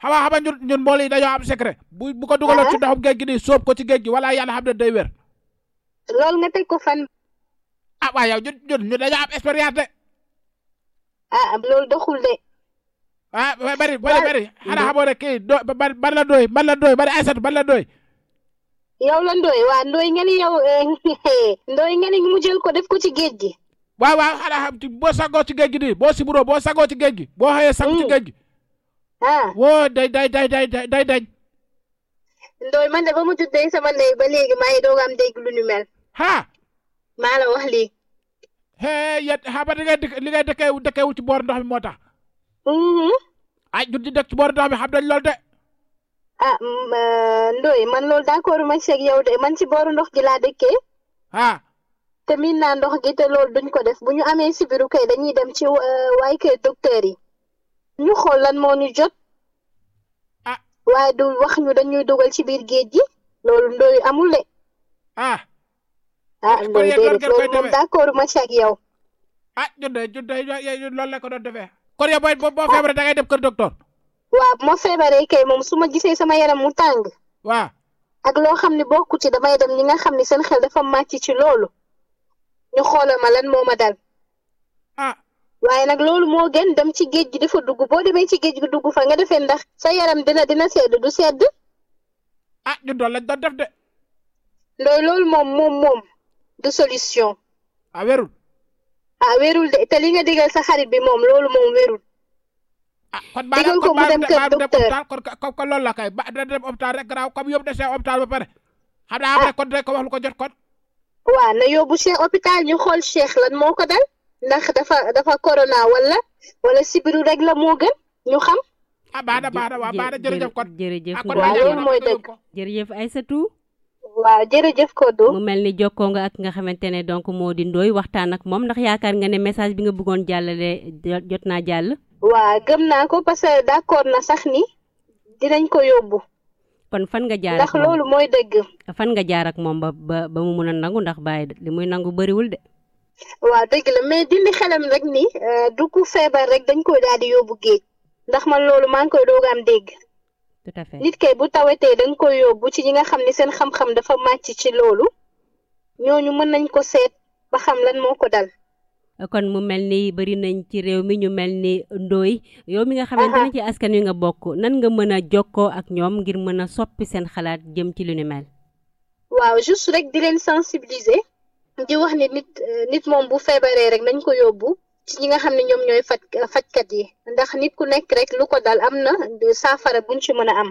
xam nga xam nga ñun ñun am secret. bu ko dugaloon uh-huh. wala yàlla xam ne day wér. loolu nga teg ko fan. Ah, am expérience de. ah, ah loolu doxul de. Ah, bari bari bari xanaa yow la ndooy waa ndooy ngeen yow eh, ndooy ngeen mu jël ko def ko ci géej gi. waaw waaw xanaa xam ci boo sagoo ci géej boo siburoo boo sagoo ci géej gi. boo xëyee sang ci mm. géej gi. ah woo day day day day day day. ndooy man de ba mu tuddee sama ndey ba léegi maa ngi doog la wax lii. hee yet xam nga li ngay boor ndox mi moo tax. Mm-hmm. ay jur di dëkk ci boor ndox mi xam nañ de. ah euh, Ndoye man loolu d'accord ma ci ak yow de man ci boru ndox gi laa dëkkee. Ah. te miin na ndox gi te loolu duñ ko def bu ñu amee sibiru kay dañuy dem ci euh, waay kay docteur yi. ñu xool lan moo nu jot. ah waaye du wax ñu dañuy dugal ci biir géej gi loolu Ndoye amul de. ah. ah Ndoye déedéet loolu moom d'accord ma ci ak yow. ah jot de jot de loolu la ko doon defee. kon yow boo boo feebaree da ngay dem kër docteur. waaw bu ma feebaree kay moom su ma gisee sama yaram mu tàng. waaw ak loo xam ne bokku ci damay dem ñi nga xam ni seen xel dafa màcc ci loolu ñu xoolal ma lan moo ma dal. ah waaye nag loolu moo gën dem ci géej gi dafa dugg boo demee ci géej gi dugg fa nga defee ndax sa yaram dina dina sedd du sedd. ah ñu doon lañ doon def de. ndoy loolu moom moom moom du solution. ah wérul. ah wérul de te nga digal sa xarit bi moom loolu moom wérul. Ah, kon ba digal ko mu dem kër docteur kon kon loolu la kay da dem hôpital rek garaaw comme yóbbu na Cheikh hôpital ba pare xam naa après ah. kon rek ko wax lu ko jot kon waaw na yóbbu Cheikh hôpital ñu xool Cheikh lan moo ko dal ndax dafa dafa corona wala wala sibiru rek la moo gën ñu xam ah baada baada waaw baada jërëjëf kon jërëjëf ah, waaw loolu mooy dëgg jërëjëf Aïssatou waaw jërëjëf Kodou mu mel ni jokkoo nga ak nga xamante ne donc moo di Ndoye waxtaan ak moom ndax yaakaar nga ne message bi nga bëggoon jàllale jot naa jàll waa gëm naa ko parce que d'accord na sax ni dinañ ko yóbbu. kon fan nga jaar ndax loolu mooy dëgg. fan nga jaar ak moom ba ba ba mu mun a nangu ndax bàyyi li muy nangu bëriwul de. waaw dëgg la mais dindi xelam rek ni euh, du ku feebar rek dañ koy daal di yóbbu géej ndax man loolu maa ngi koy doog am dégg. tout à fait nit kay bu tawetee dañ koy yóbbu ci ñi nga xam ne seen xam-xam dafa màcc ci loolu ñooñu mën nañ ko seet ba xam lan moo ko dal. kon mu mel ni bari nañ ci réew mi ñu mel ni Ndoye yow mi nga xamante ne ci askan wi nga bokk nan nga mën a jokkoo ak ñoom ngir mën a soppi seen xalaat jëm ci lu ni mel. waaw juste rek di leen sensibiliser di wax ni nit euh, nit moom bu feebaree rek nañ ko yóbbu ci ñi nga xam ne ñoom ñooy faj euh, fajkat yi ndax nit ku nekk rek lu ko dal am na saafara buñ ci mën a am.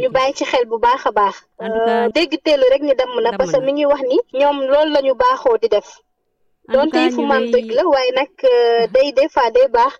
ñu bàyyi ci xel bu baax a baax. Euh, dégg teelu rek ni damm na parce que mi ngi wax ni ñoom loolu baaxoo di def. donte yi fu maam dëgg la waaye nag euh, ah. day des fois day baax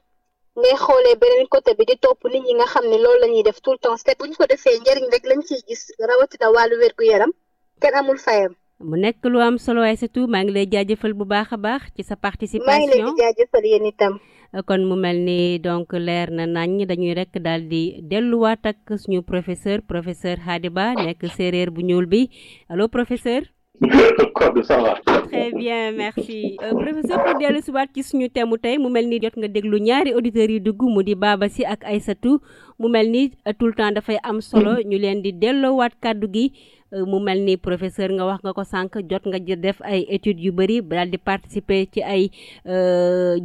ngay xoolee beneen côté bi di topp nit ñi nga xam ne loolu la ñuy def tout le temps bu ñu ko defee njëriñ rek lañu ciy gis rawatina wàllu wér-gu-yaram kenn amul fayam. mu nekk lu am solo waaye surtout maa ngi lay jaajëfal bu baax a baax ci sa participation maa ngi leen di jaajëfal yéen itam. Euh, kon mu mel ni donc leer na nañ dañuy rek daal di delluwaat ak suñu professeur professeur Hady Ba nekk séeréer bu ñuul bi allo professeur. Codé ça très bien merci euh, professeur pour dellu waat ci suñu thème tey mu mel ni jot nga déglu ñaari auditeurs yi dugg mu di Baba Sy ak satu mu mel ni euh, tout le temps dafay am solo mm. ñu leen di delloowaat kàddu gi euh, mu mel ni professeur nga wax nga ko sànq jot nga def ay études yu bëri daal di participer ci ay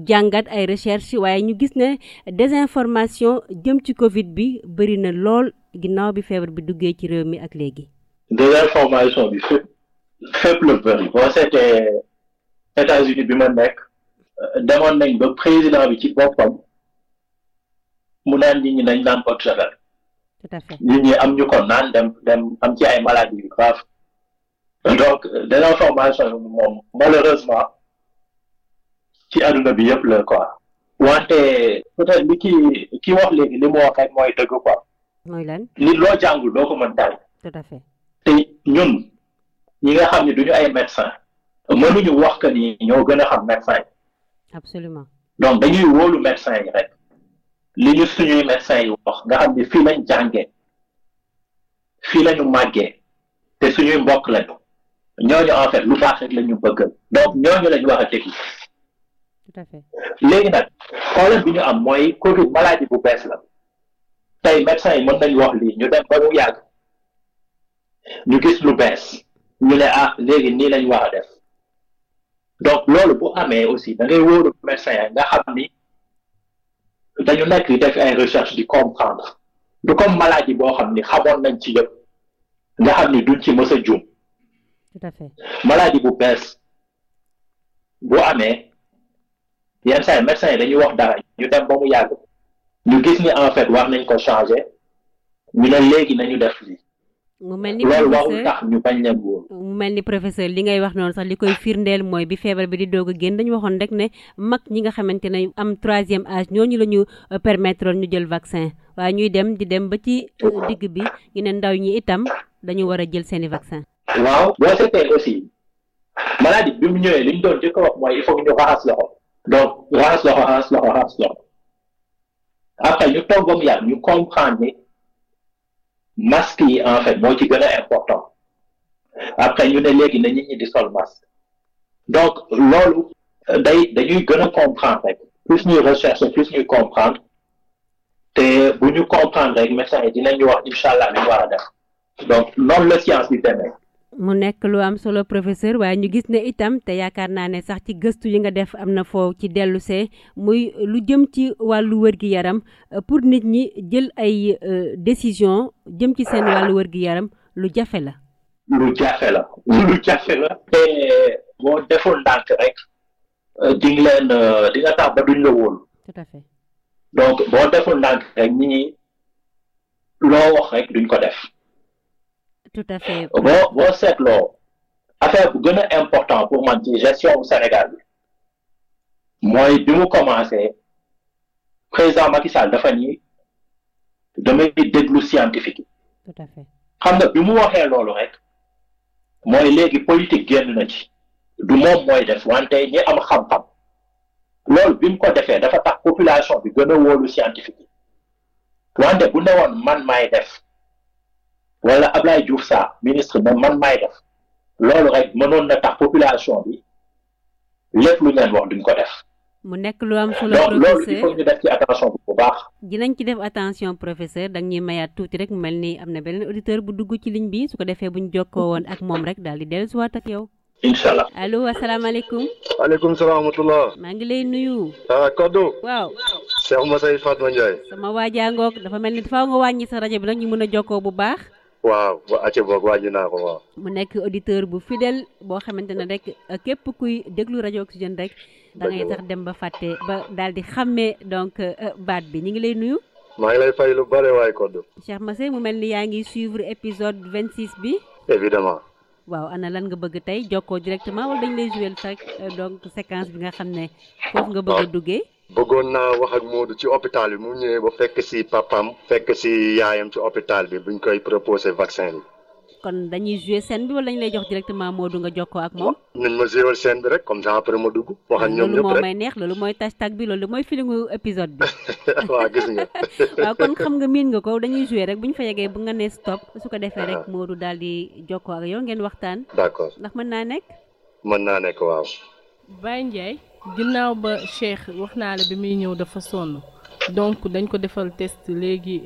jàngat ay recherche waaye ñu gis ne désinformation jëm ci Covid bi bëri na lool ginnaaw bi feebar bi duggee ci réew mi ak léegi. fépp la boo seetee États-Unis bi ma nekk euh, demoon nañ ba président bi ci boppam mu naan nit ñi nañ naan pot sagar ñi am ñu ko naan dem am ci ay maladies yu grave donc euh, désinformation yi moom malheureusement ci àdduna bi yëpp la quoi wante peut-être li ki ki wax li mu wax rek mooy dëgg quoi. nit loo jàngul doo ko mën ñun. ñi nga xam ne du ñu ay médecin mënuñu wax que ni ñoo gën a xam médecin yi. absolument donc dañuy woolu médecin yi rek li ñu suñuy médecin yi wax nga xam ne fii lañ jàngee fii lañu màggee te suñuy mbokk lañu ñooñu en fait lu baax rek la ñu bëggal donc ñooñu la ñu wax a déglu. léegi nag problème bi ñu am mooy Covid malaaj bu bees la tey médecin yi mën nañu wax li ñu dem ba mu yàgg ñu gis lu bees. ñu ne ah léegi nii lañ wax a def donc loolu bu amee aussi da ngay wóoru médecin ya nga xam ni dañu nekk def ay recherche di comprendre du comme maladie boo xam ni xamoon nañ ci yëpp nga xam ni duñ ci mës a juum tout à maladie bu bees bu amee yenn saa yi médecin yi dañuy wax dara ñu dem ba mu yàgg ñu gis ni en fait wax nañ ko changer ñu ne léegi nañu def lii mu mel ni loolu mel ni professeur li ngay wax noonu sax li koy firndeel mooy bi feebar bi di doog a génn dañu waxoon rek ne mag ñi nga xamante ne am troisième âge ñoo ñu lañu euh, permettre ñu jël vaccin waaye ñuy dem di dem ba ci euh, digg bi ñu ne ndaw ñi itam dañu war a jël seeni vaccin waaw boo seetee aussi maladie bi mu ñëwee li ñu doon jëkk wax mooy il faut ñu raxas loxo donc raxas loxo raxas loxo raxas loxo après ñu toog ba mu yàgg ñu comprendre masque yi en fait moo ci gën a important après ñu ne léegi na nit ñi di sol masque donc loolu day dañuy gën a comprendre rek plus ñuy recherche plus ñuy comprendre te bu ñu comprendre rek médecin yi dinañu wax incha allah li ñu war donc noonu le science bi demee mu nekk lu am solo professeur waaye ñu gis ne itam te yaakaar naa ne sax ci gëstu yi nga def am na foo ci dellusee muy lu jëm ci wàllu wér-gi-yaram pour nit ñi jël ay euh, décision jëm ci seen wàllu wér-gi-yaram lu jafe la lu jafe la lu jafe la te boo deful ndànk rek euh, di leen euh, di nga tax ba duñ la wóolu donc boo deful ndànk rek ñi loo wax rek duñ ko def tout à fait boo boo seetloo affaire bu gën a important pour man ci gestion bu Sénégal bi mooy bi mu commencé président Macky Sall dafa ni damay déglu scientifique yi. xam nga bi mu waxee loolu rek mooy léegi politique génn na ci du moom mooy def wante ñi am xam-xam loolu bi mu ko defee dafa tax population bi gën a wóolu scientifique yi wante bu ne woon man maay def. wala Ablaye Diouf Sarr ministre man maay def loolu rek mënoon na tax population bi lépp lu leen wax duñ ko def. mu nekk lu am solo professeur loolu il ci attention attention professeur da ñuy mayaat tuuti rek mel ni am na beneen auditeur bu dugg ci ligne bi su ko defee bu ñu jokkoo woon ak moom rek daal di dellusiwaat ak yow. incha allah allo asalaamaaleykum. waaleykum salaam maa ngi lay nuyu. ah Kodou. waaw. Cheikh Moussa Fatma Ndiaye. sama waajaangoog dafa mel ni faaw nga wàññi sa rajo bi nag mën a jokkoo bu baax. waaw acca boog wàññi naa ko mu nekk auditeur bu fidèle boo xamante ne rek képp kuy déglu rajo Oxygène rek. da ngay sax dem ba fàtte ba daal di xàmmee donc euh, baat bi ñu ngi lay nuyu. maa ngi lay fay lu bare waay Codé. Cheikh Massé mu mel ni yaa ngi suivre épisode vingt six bi. évidemment. waaw ana lan nga bëgg tey jokkoo directement wala dañ lay jouer sax euh, donc séquence bi nga xam ne foofu nga bëgg ah. duggee. bëggoon naa wax ak Modou ci hôpital bi mu ñëwee ba fekk si papam fekk si yaayam ci hôpital bi buñ koy proposé vaccin bi. kon dañuy joué scène bi wala lañ lay jox directement Modou nga jokkoo ak moom. nañ ma joué scène bi rek comme ça après ma dugg. wax ak ñoom ñëpp rek loolu neex loolu mooy mooy filimu épisode bi. waaw gis nga. waaw kon xam nga miin nga ko dañuy joué rek bu ñu fa yeggee bu nga nee stop su ko defee rek ah. Modou daal di jokkoo ak yow ngeen waxtaan. d'accord ndax mën naa nekk. mën naa nekk waaw. Baye Ndiaye. ginnaaw ba Cheikh wax naa la bi muy ñëw dafa sonn donc dañ ko defal test léegi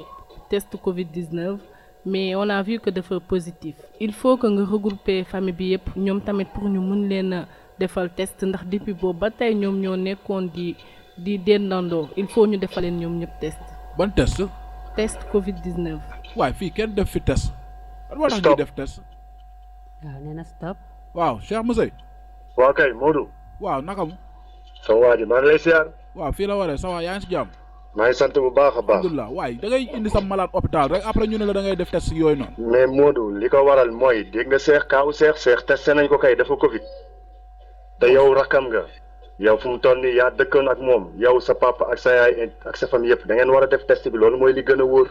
test Covid 19 mais on a vu que dafa positif. il faut que nga regrouper famille bi yëpp ñoom tamit pour ñu mun leen a defal test ndax depuis boobu ba tey ñoom ñoo nekkoon di di dendandoo il faut ñu defaleen ñoom ñëpp test. ban test. test Covid 19. waaye fii kenn def fi test. stop moo tax ñuy def test. waaw nee na stop. waaw Cheikh Mousseye. waaw kay waaw naka soo waa ji maa ngi lay siyaar. waaw fii la waree sa waa yaa ngi si jàmm. maa ngi sant bu baax a baax. alhamdulilah waaye da indi sa malade hôpital rek après ñu la da ngay def test yooyu noonu. mais Modou li ko waral mooy dégg nga seex kaaw seex seex testé nañ ko kay dafa Covid. te yow rakkam nga. yow fu mu toll nii yaa dëkkoon ak moom yow sa papa ak sa yaay ak sa famille yëpp dangeen war a def test bi loolu mooy li gën a wóor.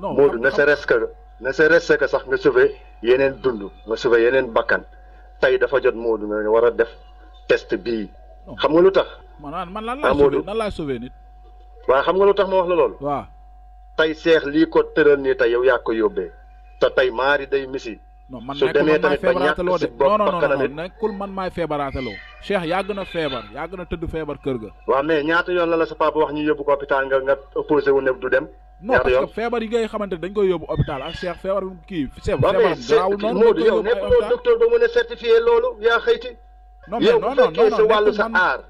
non Modou ne serait-ce que ne serait-ce que sax nga sauver yeneen dund nga sauver yeneen bakkan tey dafa jot Modou nga war a def test bii. xam nga lu tax. man man lan laay sauvé lan laay sauvé nit. waaw xam nga lu tax ma wax la loolu. waaw tey seex lii ko tëral nii tey yow yaa ko yóbbee. te tey maari day misi. non man nekkul man maay feebaraataloo de non non non nekkul man maay feebaraataloo. Cheikh yàgg na feebar yàgg na tëdd feebar kër ga. waaw mais ñaata yoon la la sa papa wax ñu yóbbu ko hôpital nga nga opposé wu ne du dem. non feebar yi ngay xamante ne dañ koy yóbbu hôpital ak Cheikh feebar bi garaawul noonu dañ koy yóbbu ay hôpital yow nekkul docteur ba mën a certifié non yow bu fekkee sa wàllu sa aar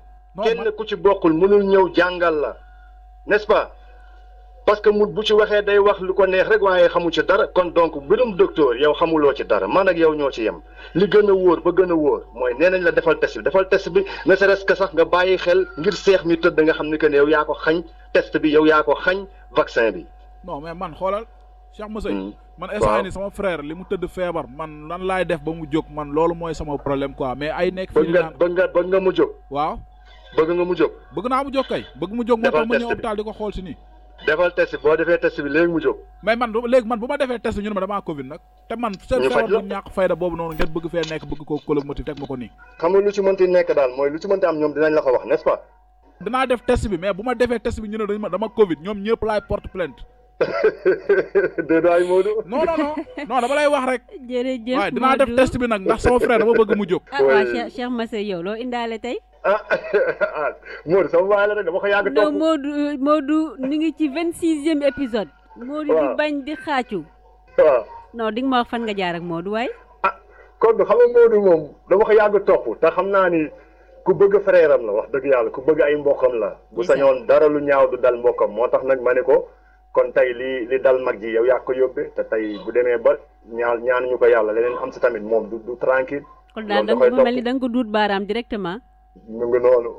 kenn ku ci bokkul mënul ñëw jàngal la nest pa pas parce que mu bu ci waxee day wax lu ko neex rek waaye xamu ci dara kon donc mbirum docteur yow xamuloo ci dara man ak yow ñoo ci yem li gën a wóor ba gën a wóor mooy nee nañ la defal test bi defal test bi ne serait sax nga bàyyi xel ngir seex mi tëdd nga xam ni que ne yow yaa ko xañ test bi yow yaa ko xañ vaccin bi. mais man xoolal Cheikh Moussa hmm. man instant ni sama frère li mu tëdd feebar man lan laay def ba mu jóg man loolu mooy sama problème quoi mais ay nekk fii naan bëgg nga bëgg mu jóg waaw bëgg nga mu jóg bëgg naa mu jóg kay bëgg mu jóg moo tax ma ñëw hôpital di ko xool si nii defal test boo defee test bi léegi mu jóg mais man léegi man bu ma defee test bi ñu ne ma damaa covid nag te man seen feebar bu ñàkk fayda boobu noonu ngeen bëgg fee nekk bëgg ko këlëb motif teg ma ko nii xam nga lu ci mënti mooy lu ci mënti am ñoom dinañ la test bi bu ma defee test bi ñu ne dañ ma dama covid ñoom ñëpp laay porte plainte Dodo ay Modou. non non non non dama lay wax rek. jërëjëf Modou waaye dinaa def test bi nag ndax sama frère dama bëgg mu jóg. ah waa Cheikh Cheikh Massé yow loo indaale tey. ah ah sama waa yàgg. topp non Modou euh, ngi ci vingt sixième épisode. Modou di bañ di xaacu. waaw non nga ma wax fan nga jaar ak du waaye. ah kon xam nga Modou moom dama ko yàgg topp te xam naa ni. ku bëgg frère am la wax dëgg yàlla ku bëgg ay mbokkam la. bu sañoon dara lu ñaaw du dal mbokkam moo tax nag ma ne ko. kon tey li li dal mag ji yow yaa ko yóbbee te tey bu demee ba ñaan ñaan ñu ko yàlla leneen am si tamit moom du du tranquille kon daal da nga mel ni da nga ko duut baaraam directement ñu ngi noonu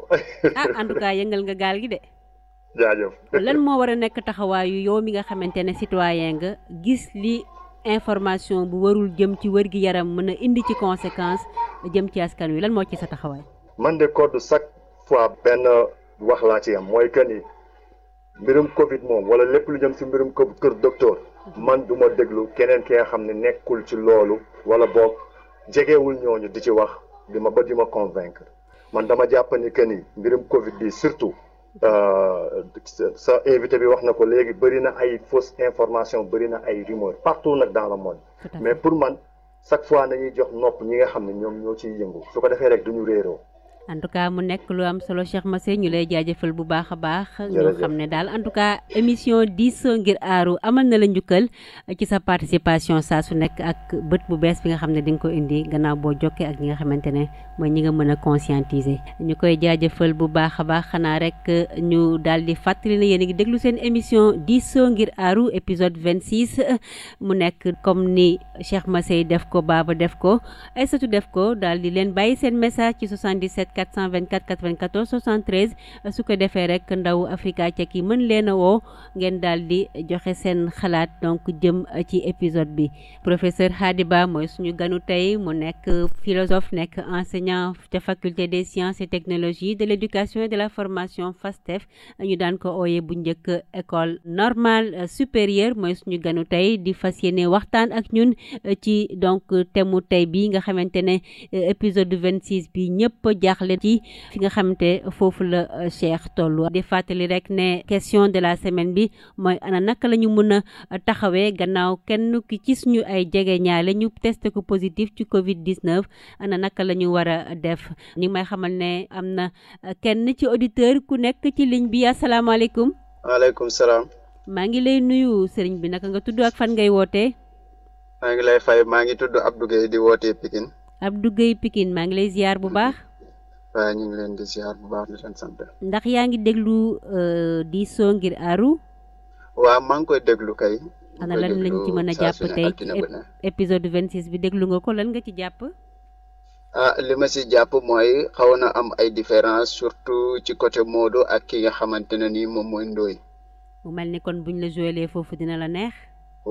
ah en yëngal nga gaal gi de jaajëf lan moo war a nekk taxawaayu yow mi nga xamante ne citoyen nga gis li information bu warul jëm ci wër gi yaram mën a indi ci conséquence jëm ci askan wi lan moo ci sa taxawaay man de code chaque fois benn wax laa ci am mooy que ni mbirum Covid moom wala lépp lu jëm si mbirum kër docteur man du ma déglu keneen ki nga xam ne nekkul ci loolu wala boog jegewul ñooñu di ci wax di ma ba di ma convaincre man dama jàpp ni que ni mbirum Covid bi surtout euh, sa invité bi wax na ko léegi bëri na ay fausse information bëri na ay rumeur partout nag dans le monde mais pour man chaque fois nañuy jox nopp ñi nga xam ne ñoom ñoo ciy yëngu su ko defee rek duñu réeroo en mu nekk lu am solo Cheikh Massé ñu lay jaajëfal bu baax a baax. ñoo xam ne daal en tout cas émission diisoo ngir aaru amal na la njukkal ci sa participation saa su nekk ak bët bu bees bi nga xam ne di nga ko indi gannaaw boo jokkee ak ñi nga xamante ne mooy ñi nga mën a conscientiser. ñu koy jaajëfal bu baax a baax xanaa rek ñu daal di fàttali ne yéen a ngi déglu seen émission diisoo ngir aaru épisode 26 mu nekk comme ni Cheikh Massé def ko Baba def ko Aïssatou def ko 424 94 73 su ko defee rek ndaw Africa Tchèque yi mën leen a woo ngeen daal di joxe seen xalaat donc jëm ci épisode bi professeur Hadiba mooy suñu ganu tey mu nekk philosophe nekk enseignant ca faculté de sciences et technologies de l'éducation et de la formation FASTEF ñu daan ko ooyee bu njëkk école normale supérieure mooy suñu ganu tey di fas yéene waxtaan ak ñun ci donc thème mu tey bi nga xamante ne épisode 26 ci fi nga xamante foofu la euh, Cheikh tollu di fàttali rek ne question de la semaine bi mooy ana naka lañu ñu mën a euh, taxawee gannaaw kenn ki ci suñu ay jege ñaale ñu testé ko positif ci Covid 19 ana naka la ñu war a def ni may xamal ne am na euh, kenn ci auditeur ku nekk ci ligne bi asalaamaaleykum. waaleykum salaam. maa ngi lay nuyu sëriñ bi naka nga tudd ak fan ngay woote maa ngi lay fay maa ngi tudd Abdou Guèye di wootee Pikine. Abdou Guèye Pikine maa ngi lay ziar bu baax. ñu ngi ndax yaa ngi déglu euh, di soo ngir aaru. waaw maa ngi koy déglu kay. ana lan lañ ci mën a jàpp tey ci épisode vingt six bi déglu nga ko lan nga ci jàpp. ah li ma jàpp mooy xaw na am ay différence surtout ci côté Modou ak ki nga xamante ne nii moom mooy ndooy mu mel ni kon buñ la joué foofu dina la neex.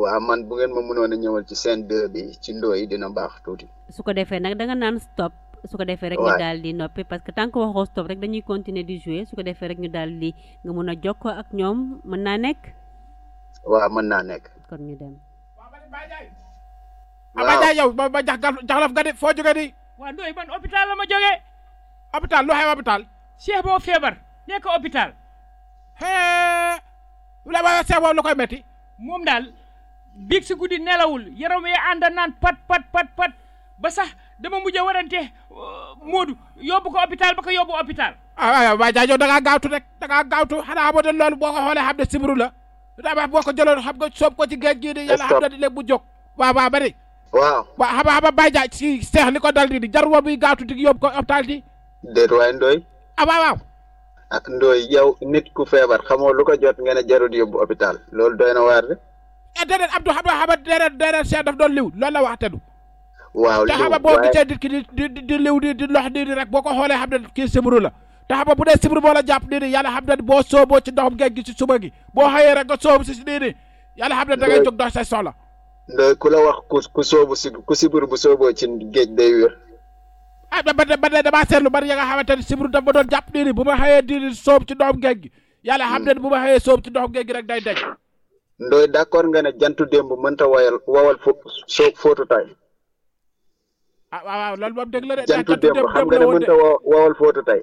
waaw man bu ngeen ma mënoon a ñëwal ci seen 2 bi ci Ndoye dina baax tuuti. su ko defee nag da naan stop. su ko defee rek ñu daal di noppi parce que tant que waxoo stop rek dañuy continuer di jouer su ko defee rek ñu daal di nga mun a jokkoo ak ñoom mën naa nekk. waaw mën naa nekk. kon ñu dem. waaw ah, Abadja yow ba ba jax jaxlaf nga de foo jógee di. waaw Ndoye man hôpital la ma jógee. hôpital lu xew hôpital. Cheikh boo feebar nekk hôpital. hee. la ba Cheikh boobu lu koy metti moom daal biig si guddi nelawul yaram yi ànd naan pat pat pat pat ba sax. dama mujj a warante euh, Moodu yóbbu ko hôpital ba ko yóbbu hôpital. ah waaw ah, waaye jaajëf da ngaa gaawtu rek da gaawtu xanaa amoo doon loolu boo ko xoolee xam ne sibiru la damaa boo ko jëloon xam nga soob ko ci géej gii di yàlla xam na di bu jóg waaw waaw bari waaw waaw xaba xaba Baye si seex li ko dal di di jar wa muy gaatu di yóbbu ko hôpital di déet waaye Ndoye ah waaw waaw ak ah, Ndoye yow feebar xamoo lu ko jot ngeen a yóbbu hôpital loolu doy na waar de eh, déedéet Abdou xaba xaba daf doon la wax te waaw léew taxaba boo gisee nit ki di di di léw di di lox nii rek boo ko xoolee xam ne kii sibru la taxaba bu dee sibru moo la jàpp nii nii yàlla xam ne boo sooboo ci ndoxum géej gi si suba gi boo xëyee rek nga soobu si si yàlla xam ne da ngay jóg dox say soxla ndoy ku la wax ku ku soobu si ku sibru bu sooboo ci géej day wér ah ba ba ne damaa seetlu bari ya nga xamante ni sibru daf ma jàpp nii bu ma xëyee nii soob ci ndoxum géej gi yàlla xam ne hmm. bu ma xëyee soob ci ndoxum géej rek day dej ndoy d'accord nga ne jantu bu mënta wayal wawal fo soo fóotu tay ah waaw waaw loolu moom dëgg la de. xam nga ne mënut a wowal Fouta tey.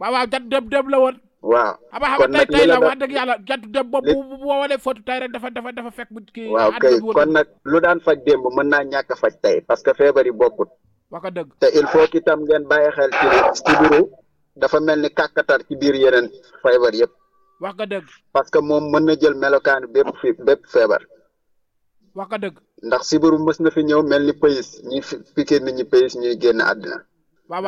waaw waaw jant démb la woon. waaw kon nag li la wax dëgg yàlla jantu démb boobu bu bu wowalee Fouta rek dafa dafa dafa fekk. kii waaw kay kon nag lu daan faj démb mën naa ñàkk faj tey parce que feebar yi bokkut. wax dëgg te il faut que itam ngeen bàyyi xel ci ci biiru dafa mel ni kàkkatar ci biir yeneen feebar yëpp. wax ko dëgg. parce que moom mën na jël melokaanu bépp fi bépp feebar. wax nga dëgg. ndax sibiru mës na fi ñëw mel ni pays ñuy piqué nit ñi pays ñuy génn àddina.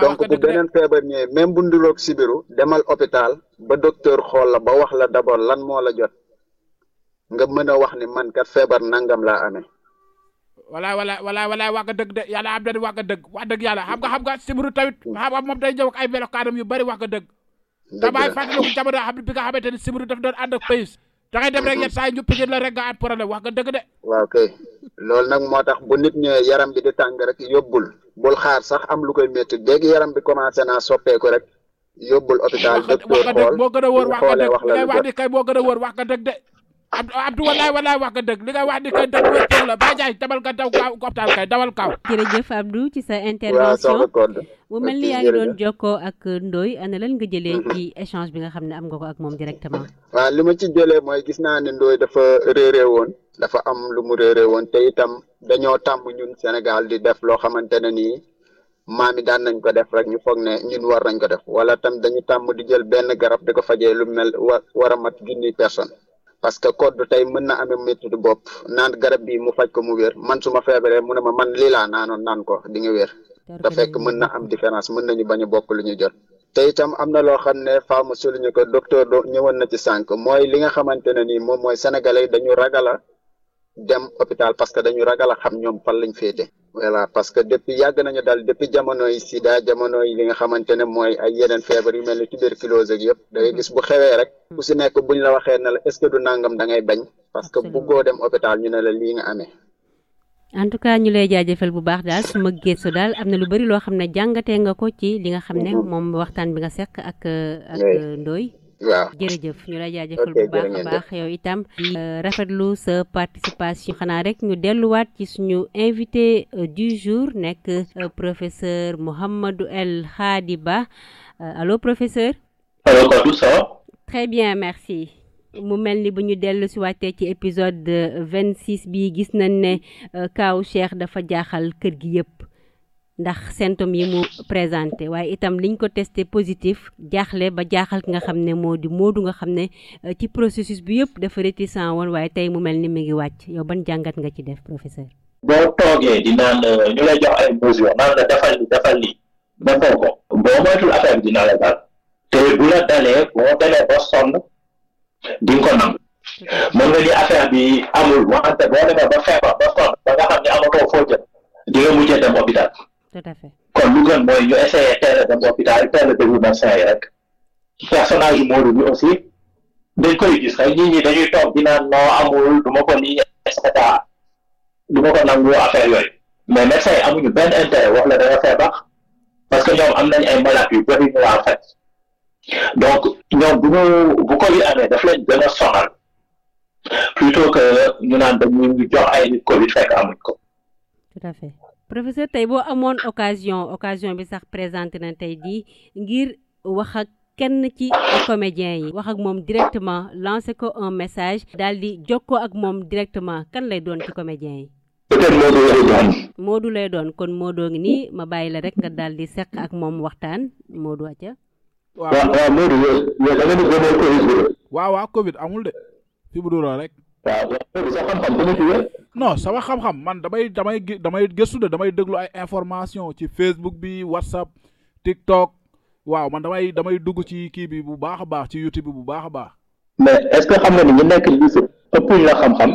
donc bu beneen feebar ñee même bu nduloog sibiru demal hôpital ba docteur xool la ba wax la d'abord lan moo la jot nga mën a wax ni man kat feebar nangam laa amee. walaay walaay walaay walaay wax nga dëgg de yàlla am na wax nga dëgg wax dëgg yàlla xam nga xam nga sibiru tamit xam nga moom day ñëw ak ay melokaanam yu bari wax ka dëgg. dëgg la damay fàttaliku xam bi nga xamante ni sibiru daf dangay dem rek yenn saa yi ñu pijit la rek nga at problème wax nga dëgg de. waaw kay loolu nag moo tax bu nit ñëwee yaram bi di tàng rek yóbbul bul xaar sax am lu koy métti dégg yaram bi commencé naa soppeeku rek yóbbul hôpital. docteur xool boo gën a wóor wax nga dëgg wax nga dëgg kay boo gën a wax nga dëgg de. Abdou Abdou walaay walaay wax nga dëgg li nga wax ni kay dëgg wér la Baye Ndiaye demal nga daw kaaw optal kay dawal kaaw. jërëjëf Abdou ci sa intervention mu mel ni yaa ngi doon jokkoo ak Ndoye ana lan nga jëlee mhm. ci échange bi nga xam ne am nga ko ak moom directement. waa li ma ci jëlee mooy gis naa ne Ndoye dafa réeré woon dafa am lu mu réeré woon te itam dañoo tàmm ñun Sénégal di def loo xamante ne nii maam yi daan nañ ko def rek ñu foog ne ñun war nañ ko def wala tam dañu tàmm di jël benn garab di ko fajee lu mel war a mat junni personne parce que code tey mën na amee métti bopp naan garab bi mu faj ko mu wér man su ma feebaree mu ne ma man lii laa naanoon naan ko di nga wér te fekk mën na am différence mën nañu bañ a bokk lu ñu jot te itam am na loo xam ne faamu souligné ko docteur do ñëwoon na ci sànq mooy li nga xamante ne nii moom mooy sénégalais dañu ragala dem hôpital parce que dañu ragal a xam ñoom fan lañ féete. voilà parce que depuis yàgg nañu daal depuis jamonoy sida jamono yi li nga xamante ne mooy ay yeneen feebar yu mel ni tuberculose ak yëpp dangay mm-hmm. gis bu xewee rek mm-hmm. ku si nekk buñ la waxee ne la est-ce du nàngam dangay ngay bañ parce que buggoo dem hôpital ñu ne la lii nga amee en tout cas ñu lay jaajëfal bu baax daal su ma gëstu daal am na lu bari loo xam ne jàngatee nga ko ci li nga xam ne mm-hmm. moom waxtaan bi nga seq ak ak jërëjëf ñu la jaajëfal bu baax a baax yow itam di euh, rafetlu sa participation xanaa rek ñu delluwaat ci suñu invité euh, du jour nekk euh, professeur Mouhamadou El Khady Ba allo professeur allo Fatou bien merci mu mel ni bu ñu dellu si ci épisode vingt six bi gis nañ ne kaw Cheikh dafa jaaxal kër gi yëpp ndax symptômes yi mu présenté waaye itam liñ ko testé positif jaaxle ba jaaxal ki nga xam ne moo di moo du nga xam ne euh, ci processus bi yëpp dafa réticent woon waaye tey mu mel ni mu ngi wàcc yow ban jàngat nga ci def professeur. boo toogee di naan euh, ñu lay jox ay mesures naan la defal li defal li defoo ko ba sonn di nga ko nangu mën nga ni affaire bi amul wante boo demee ba sonn ba nga xam ne amatoo foo jëm di mujjee dem hôpital tout à fait kon lu gën mooy ñu essayé teel a dem hôpital teel a déglu médecin rek personnage Modou bi aussi dañ koy gis rek nit ñi dañuy toog di naan noo amul du ma parce que ñoom am nañ yu bëri ñu daf leen gën a ñu naan dañuy jox ay nit Covid fekk amuñ ko. tout à fait. professeur tey boo amoon occasion occasion bi sax présenté na tey jii ngir wax ak kenn ci comédien yi wax ak moom directement lancer ko un message daal di jokkoo ak moom directement kan lay doon ci comédien yi peut-être lay doon kon Modou ngi nii ma bàyyi la rek nga daal di seq ak moom waxtaan Modou acca waaw waaw Modou yow da nga ni Covid bi waaw waaw Covid amul de fi bu dul rek waaw Modou sa xam-xam non sama xam-xam man damay damay damay gëstu de damay déglu ay information ci Facebook bi WhatsApp TikTok waaw man damay damay dugg ci kii bi bu baax a baax ci YouTube bu baax a baax. mais est-ce que xam nga ni ñu nekk lycée ëpp ñu la xam-xam.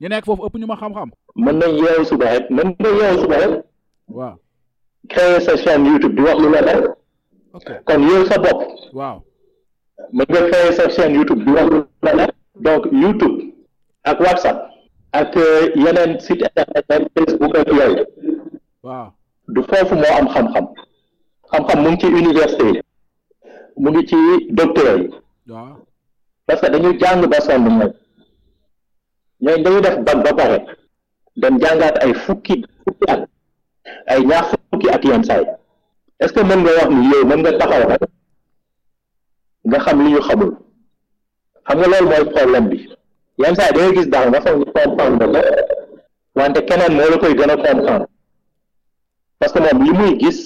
ñu nekk foofu ëpp ñu ma xam-xam. mën nañ yeewu suba rek mën nga yeewu suba rek. waaw. créer sa chaîne YouTube di wax lu la neex. kon yow sa bopp. waaw. mën nga créer sa chaîne YouTube di wax lu la neex. donc YouTube ak ak eh, yeneen site internet Facebook ak yooyu waaw du foofu moo am xam-xam xam-xam mu ngi ci université yi mu ngi ci docteur yi parce que dañu jàng ba sonn mooy ñooy dañu def bac ba pare dem jàngaat ay fukki fukki at ay ñaar fukki at yenn saay est-ce que mën nga wax ni yow mën nga taxaw nga xam li xamul xam nga loolu mooy problème bi yenn saa yi da ngay gis nga foog ñu comprendre wante keneen moo la koy gën a comprendre parce que moom li muy gis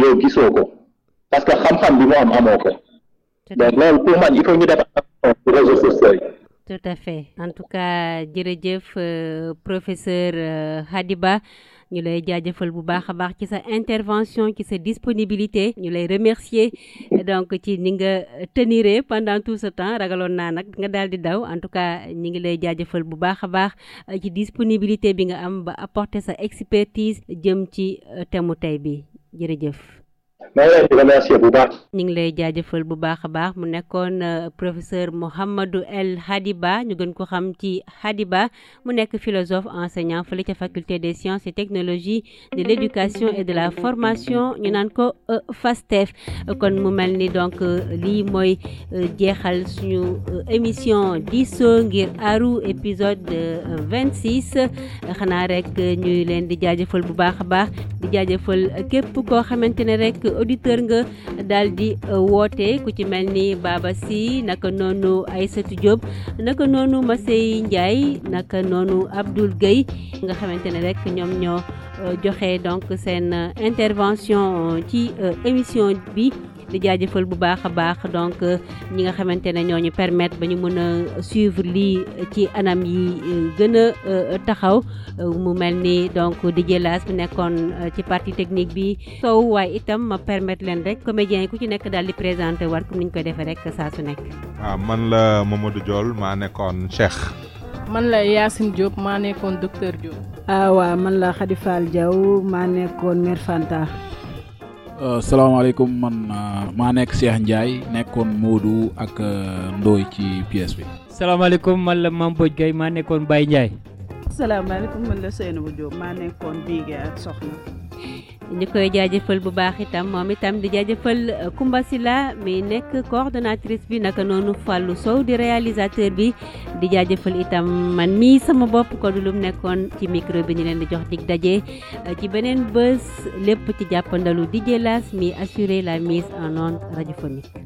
yow gisoo ko parce xam-xam bi mu am amoo ko donc loolu pour man il faut ñu def attention réseaux sociaux tout à fait en tout cas jërëjëf euh, professeur euh, ñu lay jaajëfal bu baax a baax ci sa intervention ci sa disponibilité ñu lay remercier donc ci ni nga tenire pendant tout sa temps ragaloon naa nag nga daal di daw en tout cas ñu ngi lay jaajëfal bu baax a baax euh, ci disponibilité bi nga am ba apporter sa expertise jëm ci euh, thème tey bi jërëjëf maa lay remercier bu baax. ñu ngi lay jaajëfal bu baax a baax mu nekkoon euh, professeur Mouhamadou El Hady Ba ñu gën ko xam ci Hady Ba mu nekk philosophe enseignant fële ca faculté des sciences et technologies de l' et de la formation ñu naan ko euh, FASTEF. kon mu mel ni donc euh, lii mooy jeexal suñu émission diisoo ngir aaru épisode vingt six xanaa rek ñuy leen di jaajëfal bu baax a baax di jaajëfal képp koo xamante ne rek. nekk auditeur nga daal di euh, woote ku ci mel ni Baba si naka noonu Aïssatou Diop naka noonu Massey Ndiaye naka noonu Abdoul Gueye nga xamante ne rek ñoom ñoo euh, joxe donc seen euh, intervention ci émission bi. di jaajëfal bu baax a baax donc ñi nga xamante ne ñoo ñu permettre ba ñu mën a suivre lii ci anam yi euh, gën a euh, taxaw euh, mu mel ni donc di jëlaas bu nekkoon ci partie technique bi sow waaye itam ma permettre leen rek comédiens yi ku ci nekk daal di présenté war comme ni ñu koy defee rek saa su nekk. waaw ah, man la Mamadou Diol maa nekkoon Cheikh. man la Yacine Diop maa nekkoon docteur Diop. ah man la Khady Fall Diaw maa nekkoon mère Fanta. Euh, salaamaaleykum man euh, maa nekk Cheikh Ndiaye nekkoon Modou ak euh, Ndoye ci pièce bi. salaamaaleykum man la Mame Mbodj Gueye maa nekkoon Baye Ndiaye. salaamaaleykum man la Seynabou Diop maa nekkoon Bigué ak Soxna. ñu koy jaajëfal bu baax itam moom itam di jaajëfal euh, Kumba Sila mi nekk coordonnatrice bi naka noonu Fallou Sow di réalisateur bi di jaajëfal itam man mii sama bopp ko du nekkoon ci micro bi ñu leen di jox dig daje euh, ci beneen bés lépp ci jàppandalu DJ Las mi assurer la mise en onde radiophonique